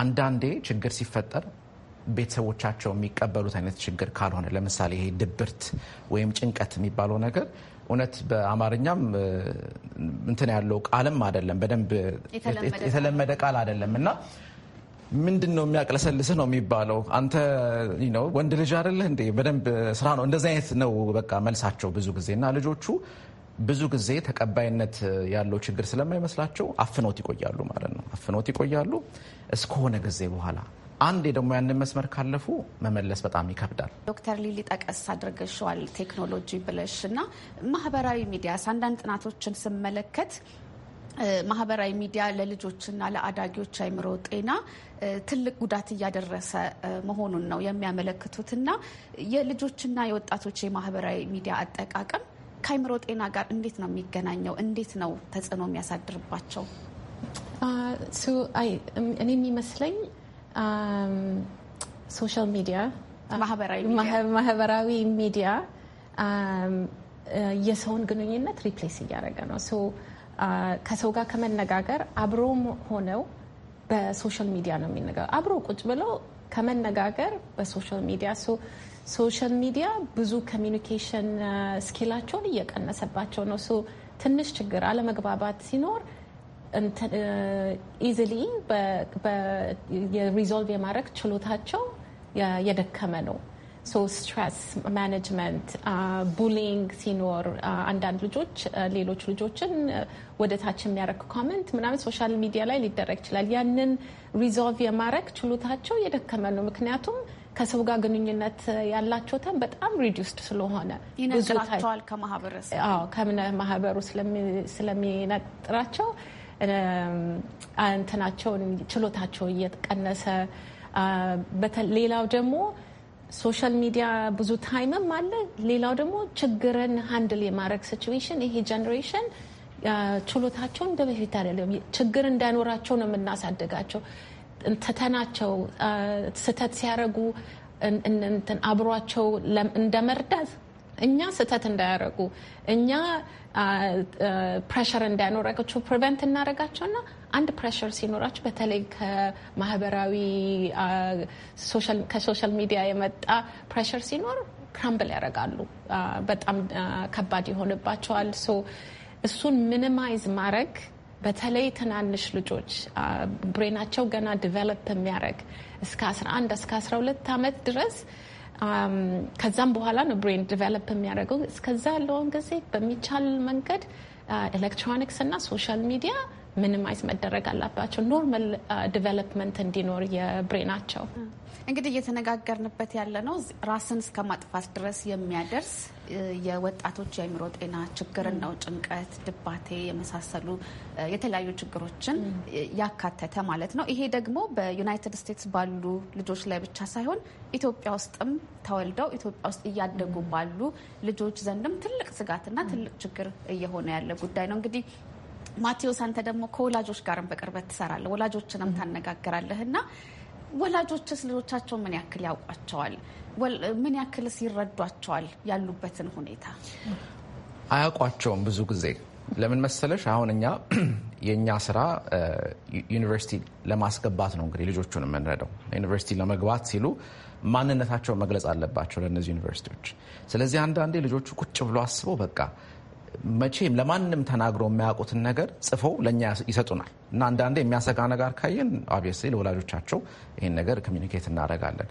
አንዳንዴ ችግር ሲፈጠር ቤተሰቦቻቸው የሚቀበሉት አይነት ችግር ካልሆነ ለምሳሌ ይሄ ድብርት ወይም ጭንቀት የሚባለው ነገር እውነት በአማርኛም እንትን ያለው ቃልም አይደለም፣ በደንብ የተለመደ ቃል አይደለም እና ምንድን ነው የሚያቅለሰልስህ ነው የሚባለው። አንተ ነው ወንድ ልጅ አይደለህ እንዴ? በደንብ ስራ ነው እንደዚህ አይነት ነው በቃ መልሳቸው ብዙ ጊዜ እና ልጆቹ ብዙ ጊዜ ተቀባይነት ያለው ችግር ስለማይመስላቸው አፍኖት ይቆያሉ ማለት ነው። አፍኖት ይቆያሉ እስከሆነ ጊዜ በኋላ አንዴ ደግሞ ያንን መስመር ካለፉ መመለስ በጣም ይከብዳል። ዶክተር ሊሊ ጠቀስ አድርገሸዋል ቴክኖሎጂ ብለሽ እና ማህበራዊ ሚዲያስ አንዳንድ ጥናቶችን ስመለከት ማህበራዊ ሚዲያ ለልጆችና ለአዳጊዎች አይምሮ ጤና ትልቅ ጉዳት እያደረሰ መሆኑን ነው የሚያመለክቱት እና የልጆችና የወጣቶች የማህበራዊ ሚዲያ አጠቃቀም ከአይምሮ ጤና ጋር እንዴት ነው የሚገናኘው? እንዴት ነው ተጽዕኖ የሚያሳድርባቸው? እኔ የሚመስለኝ ሶሻል um, uh, ሚዲያ ማህበራዊ ሚዲያ um, uh, የሰውን ግንኙነት ሪፕሌስ እያደረገ ነው። uh, ከሰው ጋር ከመነጋገር አብሮም ሆነው በሶሻል ሚዲያ ነው የሚነጋገር አብሮ ቁጭ ብለው ከመነጋገር በሶሻል ሚዲያ ሶሻል ሚዲያ ብዙ ኮሚኒኬሽን ስኪላቸውን እየቀነሰባቸው ነው። ትንሽ ችግር አለመግባባት ሲኖር ኢዝሊ ሪዞልቭ የማድረግ ችሎታቸው የደከመ ነው። ስትረስ ማኔጅመንት፣ ቡሊንግ ሲኖር አንዳንድ ልጆች ሌሎች ልጆችን ወደ ታች የሚያደርግ ኮመንት ምናምን ሶሻል ሚዲያ ላይ ሊደረግ ይችላል። ያንን ሪዞልቭ የማድረግ ችሎታቸው የደከመ ነው። ምክንያቱም ከሰው ጋር ግንኙነት ያላቸው በጣም ሪዲስድ ስለሆነ ይነጥላቸዋል ከማህበረሰብ ማህበሩ ስለሚነጥራቸው እንትናቸውን ችሎታቸው እየቀነሰ ሌላው ደግሞ ሶሻል ሚዲያ ብዙ ታይምም አለ። ሌላው ደግሞ ችግርን ሀንድል የማድረግ ሲትዌሽን ይሄ ጀኔሬሽን ችሎታቸው እንደ በፊት አይደለም። ችግር እንዳይኖራቸው ነው የምናሳደጋቸው ትተናቸው ስህተት ሲያደርጉ አብሯቸው እንደመርዳት እኛ ስህተት እንዳያደረጉ እኛ ፕሬሽር እንዳያኖራቸው ፕሪቨንት ና አንድ ፕሬሽር ሲኖራቸው በተለይ ከማህበራዊ ከሶሻል ሚዲያ የመጣ ፕሬሽር ሲኖር ክራምብል ያደርጋሉ። በጣም ከባድ ይሆንባቸዋል። ሶ እሱን ሚኒማይዝ ማድረግ በተለይ ትናንሽ ልጆች ብሬናቸው ገና ዲቨሎፕ የሚያደርግ እስከ 11 እስከ 12 ዓመት ድረስ Um, ከዛም በኋላ ነው ብሬን ዲቨሎፕ የሚያደርገው። እስከዛ ያለውን ጊዜ በሚቻል መንገድ ኤሌክትሮኒክስ uh, እና ሶሻል ሚዲያ ሚኒማይዝ መደረግ አላባቸው ኖርማል ዲቨሎፕመንት እንዲኖር የብሬናቸው እንግዲህ እየተነጋገርንበት ያለ ነው ራስን እስከ ማጥፋት ድረስ የሚያደርስ የወጣቶች የአእምሮ ጤና ችግርን ነው። ጭንቀት፣ ድባቴ የመሳሰሉ የተለያዩ ችግሮችን ያካተተ ማለት ነው። ይሄ ደግሞ በዩናይትድ ስቴትስ ባሉ ልጆች ላይ ብቻ ሳይሆን ኢትዮጵያ ውስጥም ተወልደው ኢትዮጵያ ውስጥ እያደጉ ባሉ ልጆች ዘንድም ትልቅ ስጋትና ትልቅ ችግር እየሆነ ያለ ጉዳይ ነው እንግዲህ ማቴዎስ አንተ ደግሞ ከወላጆች ጋርም በቅርበት ትሰራለህ፣ ወላጆችንም ታነጋግራለህ እና ወላጆችስ ልጆቻቸው ምን ያክል ያውቋቸዋል? ምን ያክልስ ይረዷቸዋል? ያሉበትን ሁኔታ አያውቋቸውም። ብዙ ጊዜ ለምን መሰለሽ፣ አሁን እኛ [CLEARS THROAT] የእኛ ስራ ዩኒቨርሲቲ ለማስገባት ነው። እንግዲህ ልጆቹን የምንረዳው ዩኒቨርሲቲ ለመግባት ሲሉ ማንነታቸውን መግለጽ አለባቸው ለእነዚህ ዩኒቨርሲቲዎች። ስለዚህ አንዳንዴ ልጆቹ ቁጭ ብሎ አስበው በቃ መቼም ለማንም ተናግረው የሚያውቁትን ነገር ጽፈው ለእኛ ይሰጡናል እና አንዳንዴ የሚያሰጋ ነገር ካየን አብስ ለወላጆቻቸው ይህን ነገር ኮሚኒኬት እናደርጋለን።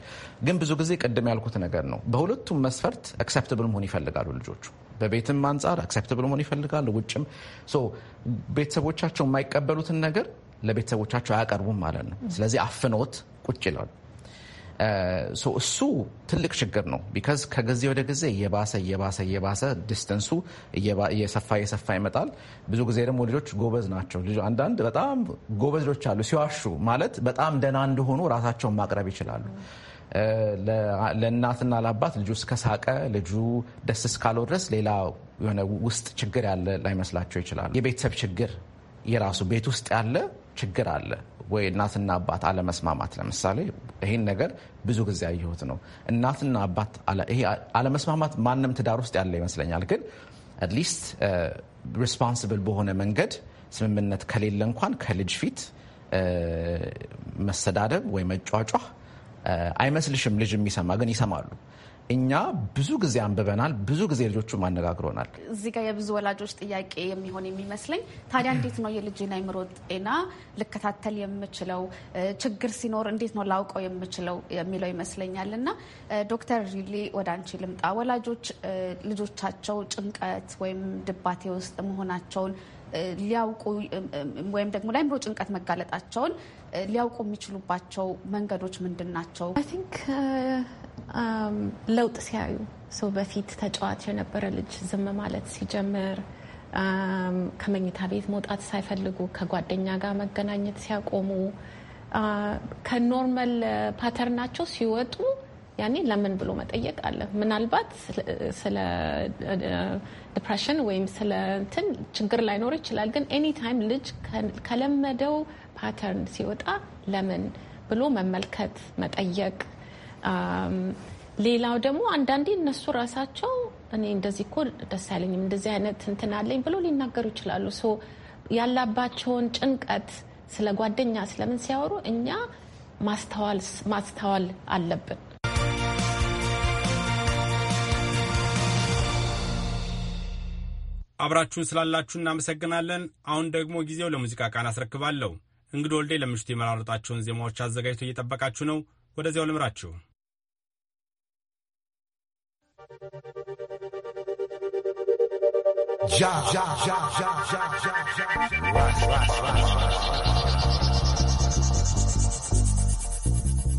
ግን ብዙ ጊዜ ቅድም ያልኩት ነገር ነው። በሁለቱም መስፈርት አክሴፕትብል መሆን ይፈልጋሉ ልጆቹ። በቤትም አንጻር አክሴፕትብል መሆን ይፈልጋሉ፣ ውጭም ቤተሰቦቻቸው የማይቀበሉትን ነገር ለቤተሰቦቻቸው አያቀርቡም ማለት ነው። ስለዚህ አፍኖት ቁጭ ይላሉ። እሱ ትልቅ ችግር ነው። ቢካዝ ከጊዜ ወደ ጊዜ እየባሰ እየባሰ እየባሰ ዲስተንሱ እየሰፋ እየሰፋ ይመጣል። ብዙ ጊዜ ደግሞ ልጆች ጎበዝ ናቸው። አንዳንድ በጣም ጎበዝ ልጆች አሉ። ሲዋሹ ማለት በጣም ደህና እንደሆኑ ራሳቸውን ማቅረብ ይችላሉ። ለእናትና ለአባት ልጁ እስከሳቀ ልጁ ደስ እስካለው ድረስ ሌላ የሆነ ውስጥ ችግር ያለ ላይመስላቸው ይችላሉ። የቤተሰብ ችግር የራሱ ቤት ውስጥ ያለ ችግር አለ ወይ እናትና አባት አለመስማማት ለምሳሌ ይሄን ነገር ብዙ ጊዜ አየሁት ነው። እናትና አባት ይሄ አለመስማማት ማንም ትዳር ውስጥ ያለ ይመስለኛል። ግን አትሊስት ሪስፖንስብል uh, በሆነ መንገድ ስምምነት ከሌለ እንኳን ከልጅ ፊት uh, መሰዳደብ ወይ መጫጫህ uh, አይመስልሽም? ልጅ የሚሰማ ግን ይሰማሉ። እኛ ብዙ ጊዜ አንብበናል፣ ብዙ ጊዜ ልጆቹ አነጋግሮናል። እዚህ ጋር የብዙ ወላጆች ጥያቄ የሚሆን የሚመስለኝ ታዲያ እንዴት ነው የልጅን አይምሮ ጤና ልከታተል የምችለው? ችግር ሲኖር እንዴት ነው ላውቀው የምችለው የሚለው ይመስለኛል። እና ዶክተር ሪሊ ወደ አንቺ ልምጣ። ወላጆች ልጆቻቸው ጭንቀት ወይም ድባቴ ውስጥ መሆናቸውን ሊያውቁ ወይም ደግሞ ለአእምሮ ጭንቀት መጋለጣቸውን ሊያውቁ የሚችሉባቸው መንገዶች ምንድን ናቸው? አይ ቲንክ uh, um, ለውጥ ሲያዩ ሰው በፊት ተጫዋች የነበረ ልጅ ዝም ማለት ሲጀምር um, ከመኝታ ቤት መውጣት ሳይፈልጉ ከጓደኛ ጋር መገናኘት ሲያቆሙ uh, ከኖርማል uh, ፓተርናቸው ሲወጡ ያኔ ለምን ብሎ መጠየቅ አለ። ምናልባት ስለ ዲፕሬሽን ወይም ስለ እንትን ችግር ላይኖር ይችላል። ግን ኤኒ ታይም ልጅ ከለመደው ፓተርን ሲወጣ ለምን ብሎ መመልከት፣ መጠየቅ። ሌላው ደግሞ አንዳንዴ እነሱ ራሳቸው እኔ እንደዚህ እኮ ደስ አይለኝም እንደዚህ አይነት እንትን አለኝ ብሎ ሊናገሩ ይችላሉ። ሶ ያላባቸውን ጭንቀት ስለ ጓደኛ ስለምን ሲያወሩ እኛ ማስተዋል አለብን። አብራችሁን ስላላችሁ እናመሰግናለን። አሁን ደግሞ ጊዜው ለሙዚቃ ቃን አስረክባለሁ። እንግዲህ ወልዴ ለምሽቱ የመራረጣቸውን ዜማዎች አዘጋጅቶ እየጠበቃችሁ ነው። ወደዚያው ልምራችሁ።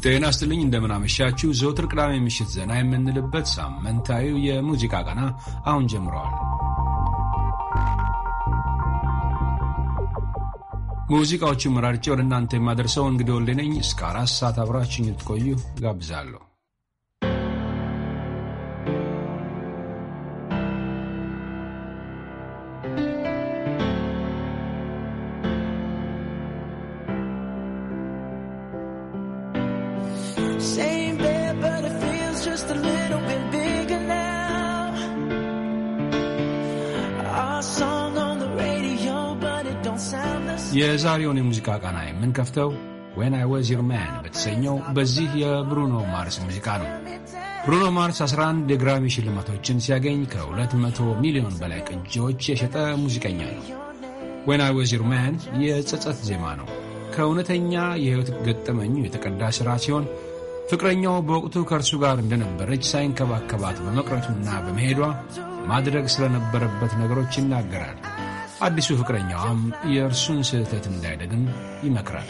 ጤና ስትልኝ እንደምናመሻችሁ። ዘውትር ቅዳሜ ምሽት ዘና የምንልበት ሳምንታዊው የሙዚቃ ቀና አሁን ጀምረዋል። ሙዚቃዎቹን መራርጬ ወደ እናንተ የማደርሰው እንግዲህ ወልዴ ነኝ። እስከ አራት ሰዓት አብራችኝ ልትቆዩ ጋብዛለሁ። thank you የዛሬውን የሙዚቃ ቃና የምንከፍተው ዌን አይ ወዝ ዩር ማን በተሰኘው በዚህ የብሩኖ ማርስ ሙዚቃ ነው። ብሩኖ ማርስ 11 የግራሚ ሽልማቶችን ሲያገኝ ከ200 ሚሊዮን በላይ ቅጂዎች የሸጠ ሙዚቀኛ ነው። ዌን አይ ወዝ ዩር ማን የጸጸት ዜማ ነው። ከእውነተኛ የሕይወት ገጠመኙ የተቀዳ ሥራ ሲሆን ፍቅረኛው በወቅቱ ከእርሱ ጋር እንደነበረች ሳይንከባከባት በመቅረቱና በመሄዷ ማድረግ ስለነበረበት ነገሮች ይናገራል። አዲሱ ፍቅረኛዋም የእርሱን ስህተት እንዳይደግም ይመክራል።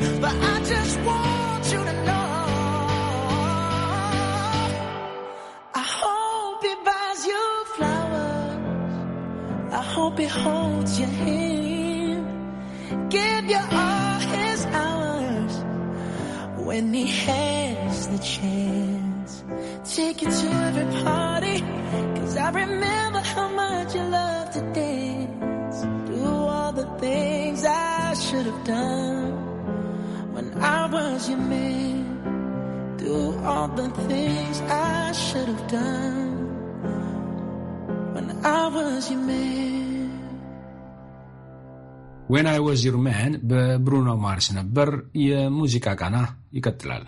But I I just want you to know. hope he holds your hand. Give you all his hours when he has the chance. Take you to every party, cause I remember how much you loved to dance. Do all the things I should have done. was your man. Do all the things I should have done when I was your man. When I was your man በብሩኖ ማርስ ነበር። የሙዚቃ ቃና ይቀጥላል።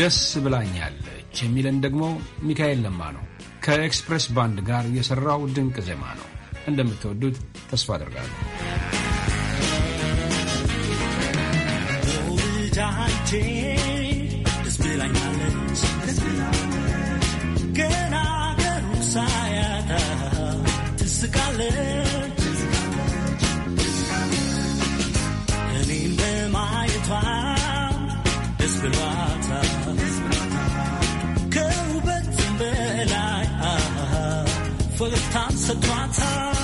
ደስ ብላኛል የሚለን ደግሞ ሚካኤል ለማ ነው። ከኤክስፕሬስ ባንድ ጋር የሠራው ድንቅ ዜማ ነው። እንደምትወዱት ተስፋ አደርጋለሁ። ገና ገሩ ሳያታ ትስቃለች a Tanze.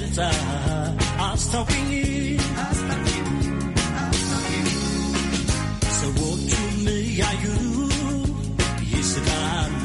ምርጫ አስታውቂኝ ሰዎቹም እያዩ ይስቃሉ።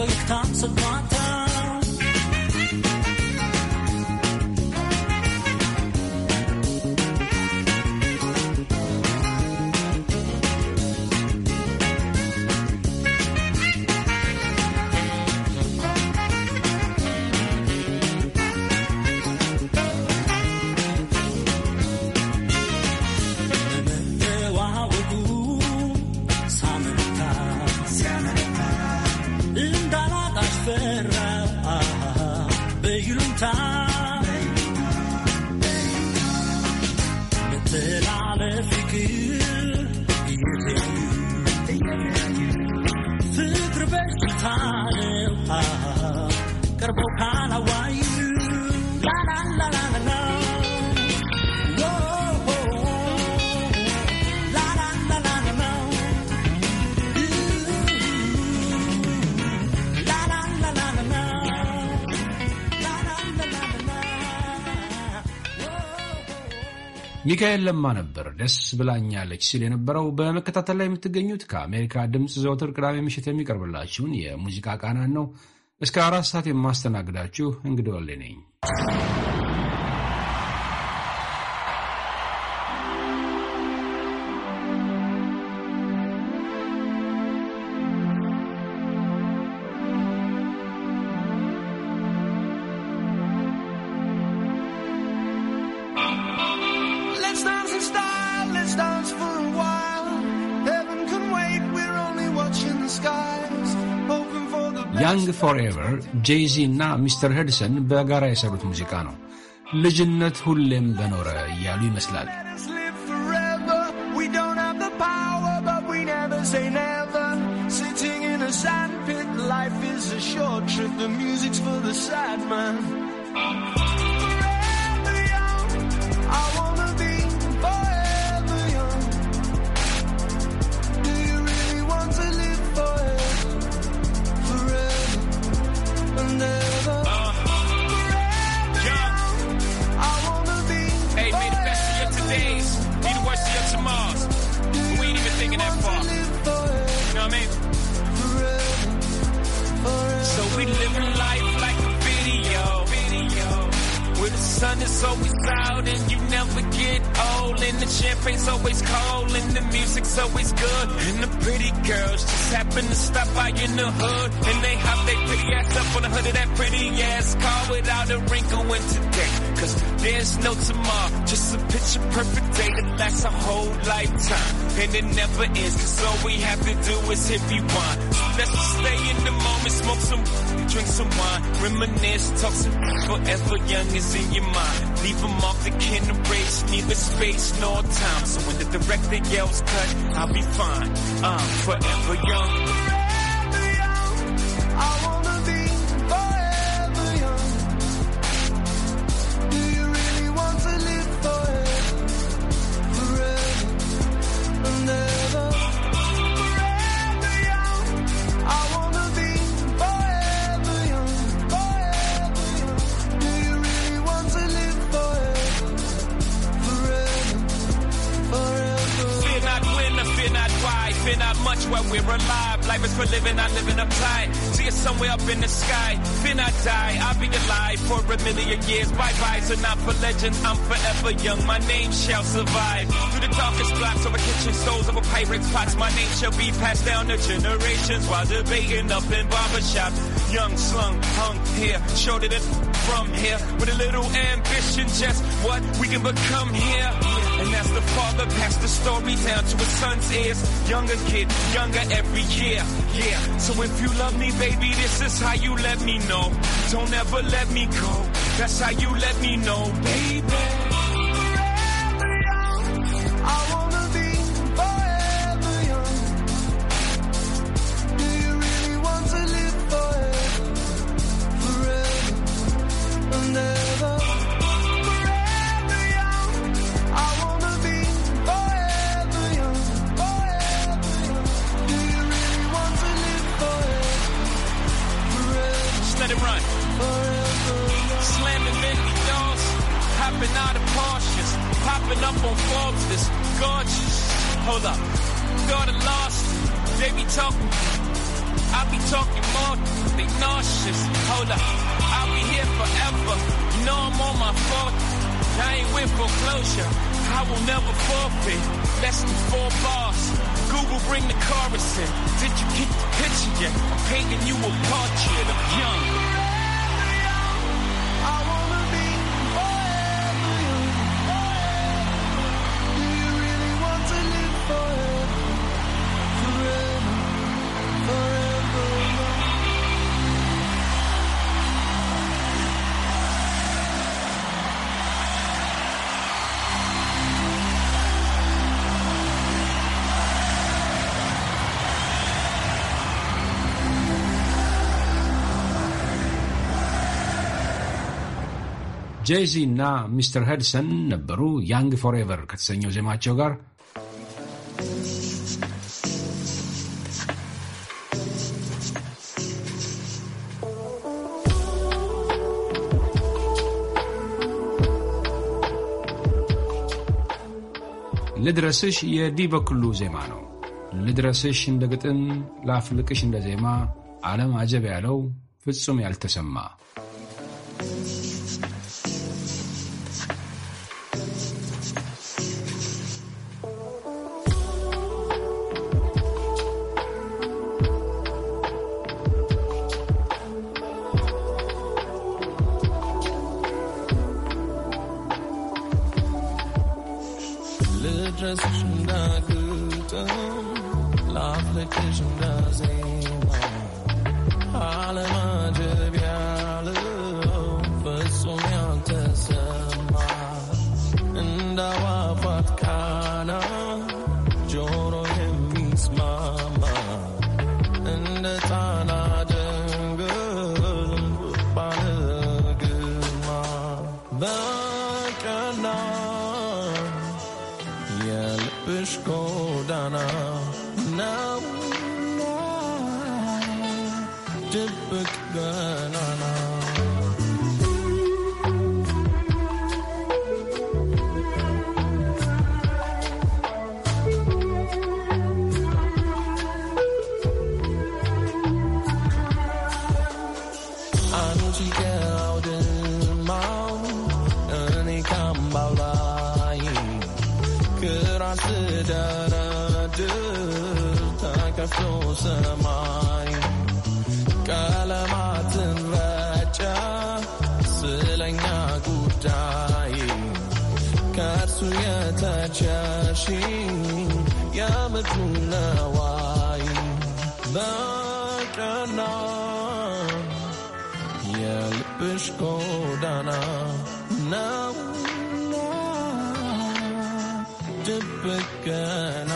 But you can't survive ሚካኤል ለማ ነበር ደስ ብላኛለች ሲል የነበረው። በመከታተል ላይ የምትገኙት ከአሜሪካ ድምፅ ዘወትር ቅዳሜ ምሽት የሚቀርብላችሁን የሙዚቃ ቃናን ነው። እስከ አራት ሰዓት የማስተናግዳችሁ እንግዲህ ወሌ ነኝ። ፎርኤቨር ጄይዚ እና ሚስተር ሄድሰን በጋራ የሰሩት ሙዚቃ ነው። ልጅነት ሁሌም በኖረ እያሉ ይመስላል። I sun is always out and you never get old and the champagne's always cold and the music's always good. And the pretty girls just happen to stop by in the hood and they hop their pretty ass up on the hood of that pretty ass car without a wrinkle in today. Cause there's no tomorrow, just a picture perfect day that lasts a whole lifetime. And it never ends, cause all we have to do is hit rewind. So let's just stay in the moment, smoke some, drink some wine, reminisce, talk some forever young is in your mind. Leave them off the can of race, leave a space no time. So when the director yells cut, I'll be fine. I'm forever young. while we're alive. Life is for living, I live in a pie. See it somewhere up in the sky. Then I die, I'll be alive for a million years. Bye bye, so not for legend, I'm forever young. My name shall survive. Through the darkest blocks of a kitchen, souls of a pirate's pots, my name shall be passed down to generations while debating up in barbershops. Young, slung, hung here, shorter than from here. With a little ambition, just what we can become here. And as the father passed the story down to his son's ears, younger kid, younger every year. Yeah, so if you love me, baby, this is how you let me know. Don't ever let me go. That's how you let me know, baby. giving up on Forbes this gorgeous. Hold up. got Daughter lost. They be talking. I be talking more. They nauseous. Hold up. I'll be here forever. You know I'm on my fault. I ain't with foreclosure. I will never forfeit. Less than four bars. Google bring the chorus in. Did you get the picture yet? I'm painting you a portrait of young. ጄዚ እና ሚስተር ሄድሰን ነበሩ ያንግ ፎርኤቨር ከተሰኘው ዜማቸው ጋር ልድረስሽ የዲ ዜማ ነው። ልድረስሽ እንደ ግጥም፣ ላፍልቅሽ እንደ ዜማ ዓለም አጀብ ያለው ፍጹም ያልተሰማ ስደረድር ተከፍቶ ሰማይ ቀለማትን ረጨ ስለኛ ጉዳይ ከእርሱ የተቸርሽ የምድሩ ነዋይ በቀና የልብሽ begun.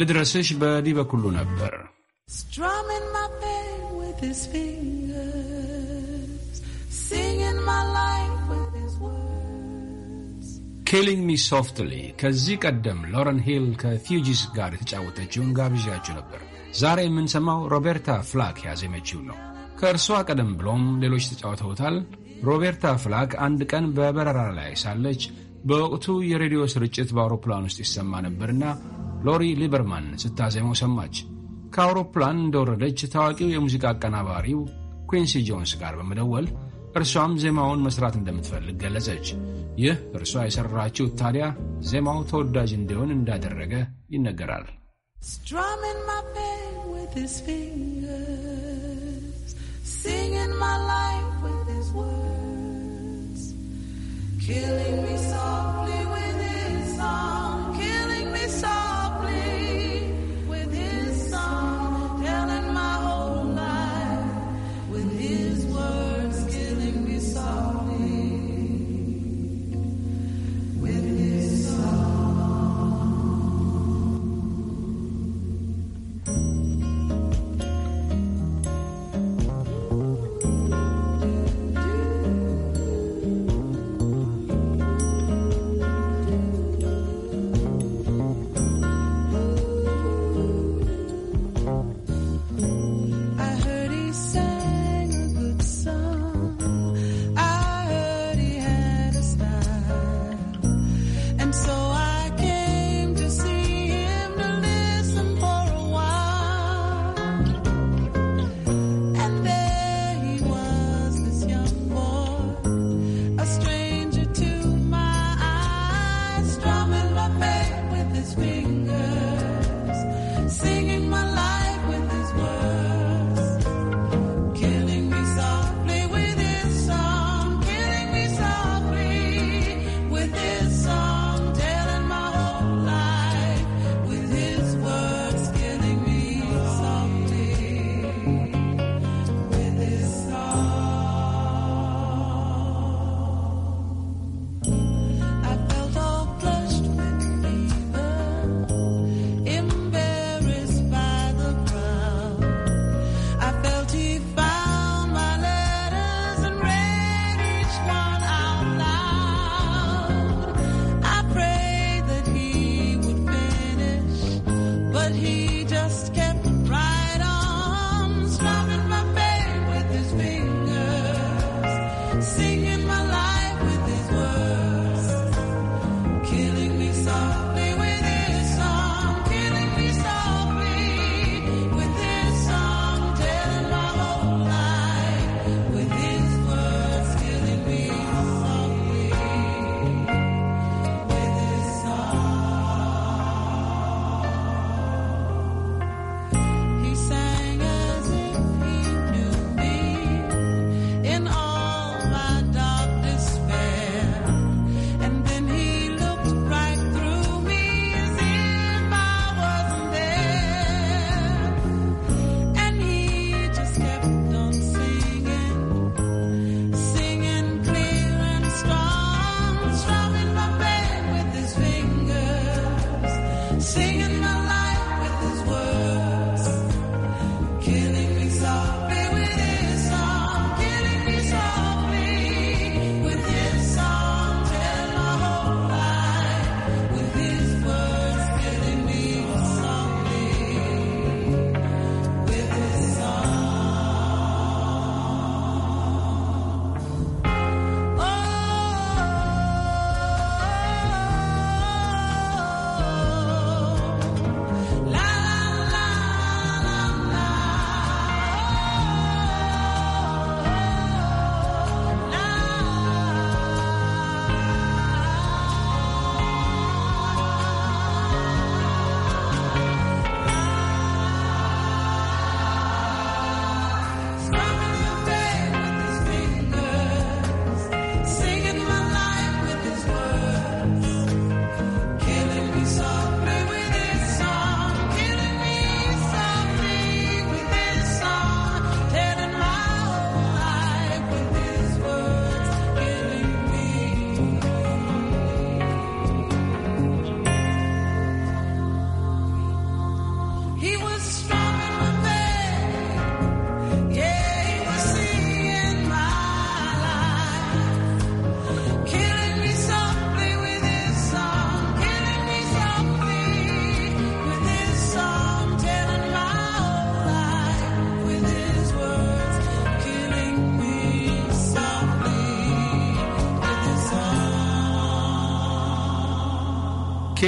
ልድረስሽ በዲህ በኩሉ ነበር። Strumming ሚ ሶፍትሊ ከዚህ ቀደም ሎረን ሂል ከፊውጂስ ጋር የተጫወተችውን ጋብዣችሁ ነበር። ዛሬ የምንሰማው ሮቤርታ ፍላክ ያዜመችው ነው። ከእርሷ ቀደም ብሎም ሌሎች ተጫውተውታል። ሮቤርታ ፍላክ አንድ ቀን በበረራ ላይ ሳለች በወቅቱ የሬዲዮ ስርጭት በአውሮፕላን ውስጥ ይሰማ ነበርና ሎሪ ሊበርማን ስታዜመው ሰማች። ከአውሮፕላን እንደወረደች ታዋቂው የሙዚቃ አቀናባሪው ኩንሲ ጆንስ ጋር በመደወል እርሷም ዜማውን መስራት እንደምትፈልግ ገለጸች። ይህ እርሷ የሠራችው ታዲያ ዜማው ተወዳጅ እንዲሆን እንዳደረገ ይነገራል። Killing me softly with his song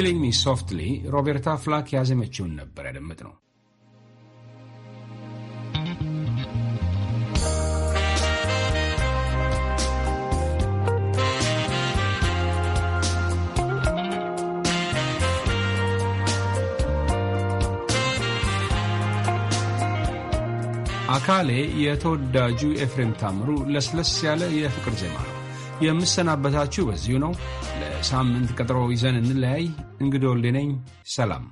ኪሊንግ ሚ ሶፍትሊ ሮቤርታ ፍላክ ያዘመችውን ነበር ያደመጥ ነው። አካሌ የተወዳጁ ኤፍሬም ታምሩ ለስለስ ያለ የፍቅር ዜማ የምሰናበታችሁ በዚሁ ነው። ለሳምንት ቀጠሮ ይዘን እንለያይ። እንግዶልነኝ ሰላም።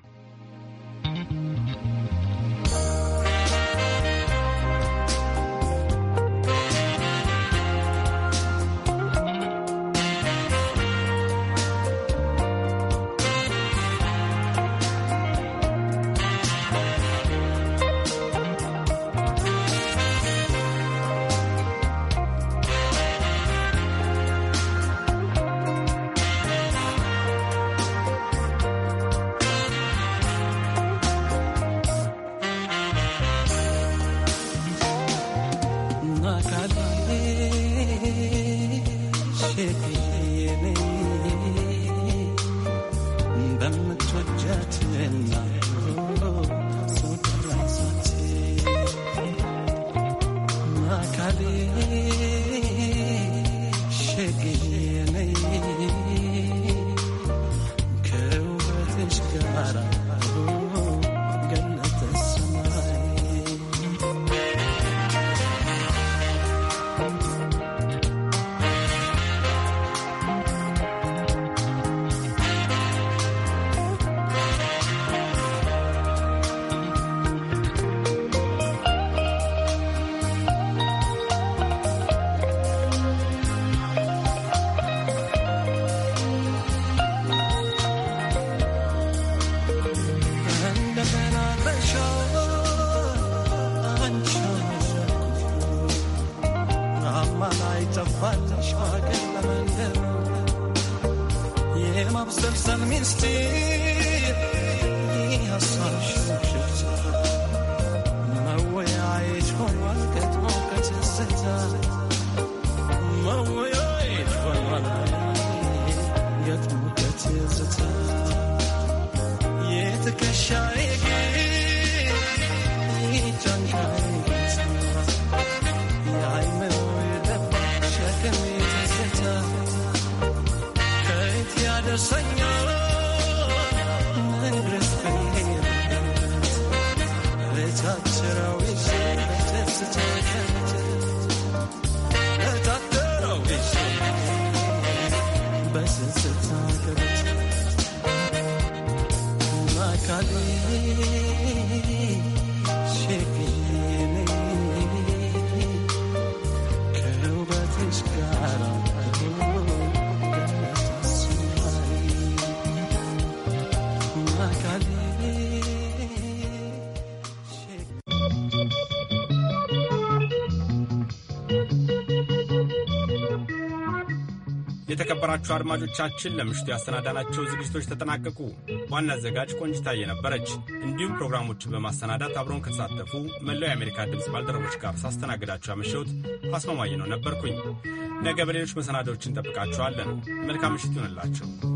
የተከበራችሁ አድማጮቻችን ለምሽቱ ያሰናዳናቸው ዝግጅቶች ተጠናቀቁ። ዋና አዘጋጅ ቆንጅታ ነበረች። እንዲሁም ፕሮግራሞችን በማሰናዳት አብረውን ከተሳተፉ መላው የአሜሪካ ድምፅ ባልደረቦች ጋር ሳስተናግዳችሁ ያመሸሁት አስማማኝ ነው ነበርኩኝ። ነገ በሌሎች መሰናዳዎች እንጠብቃችኋለን። መልካም ምሽት ይሆንላችሁ።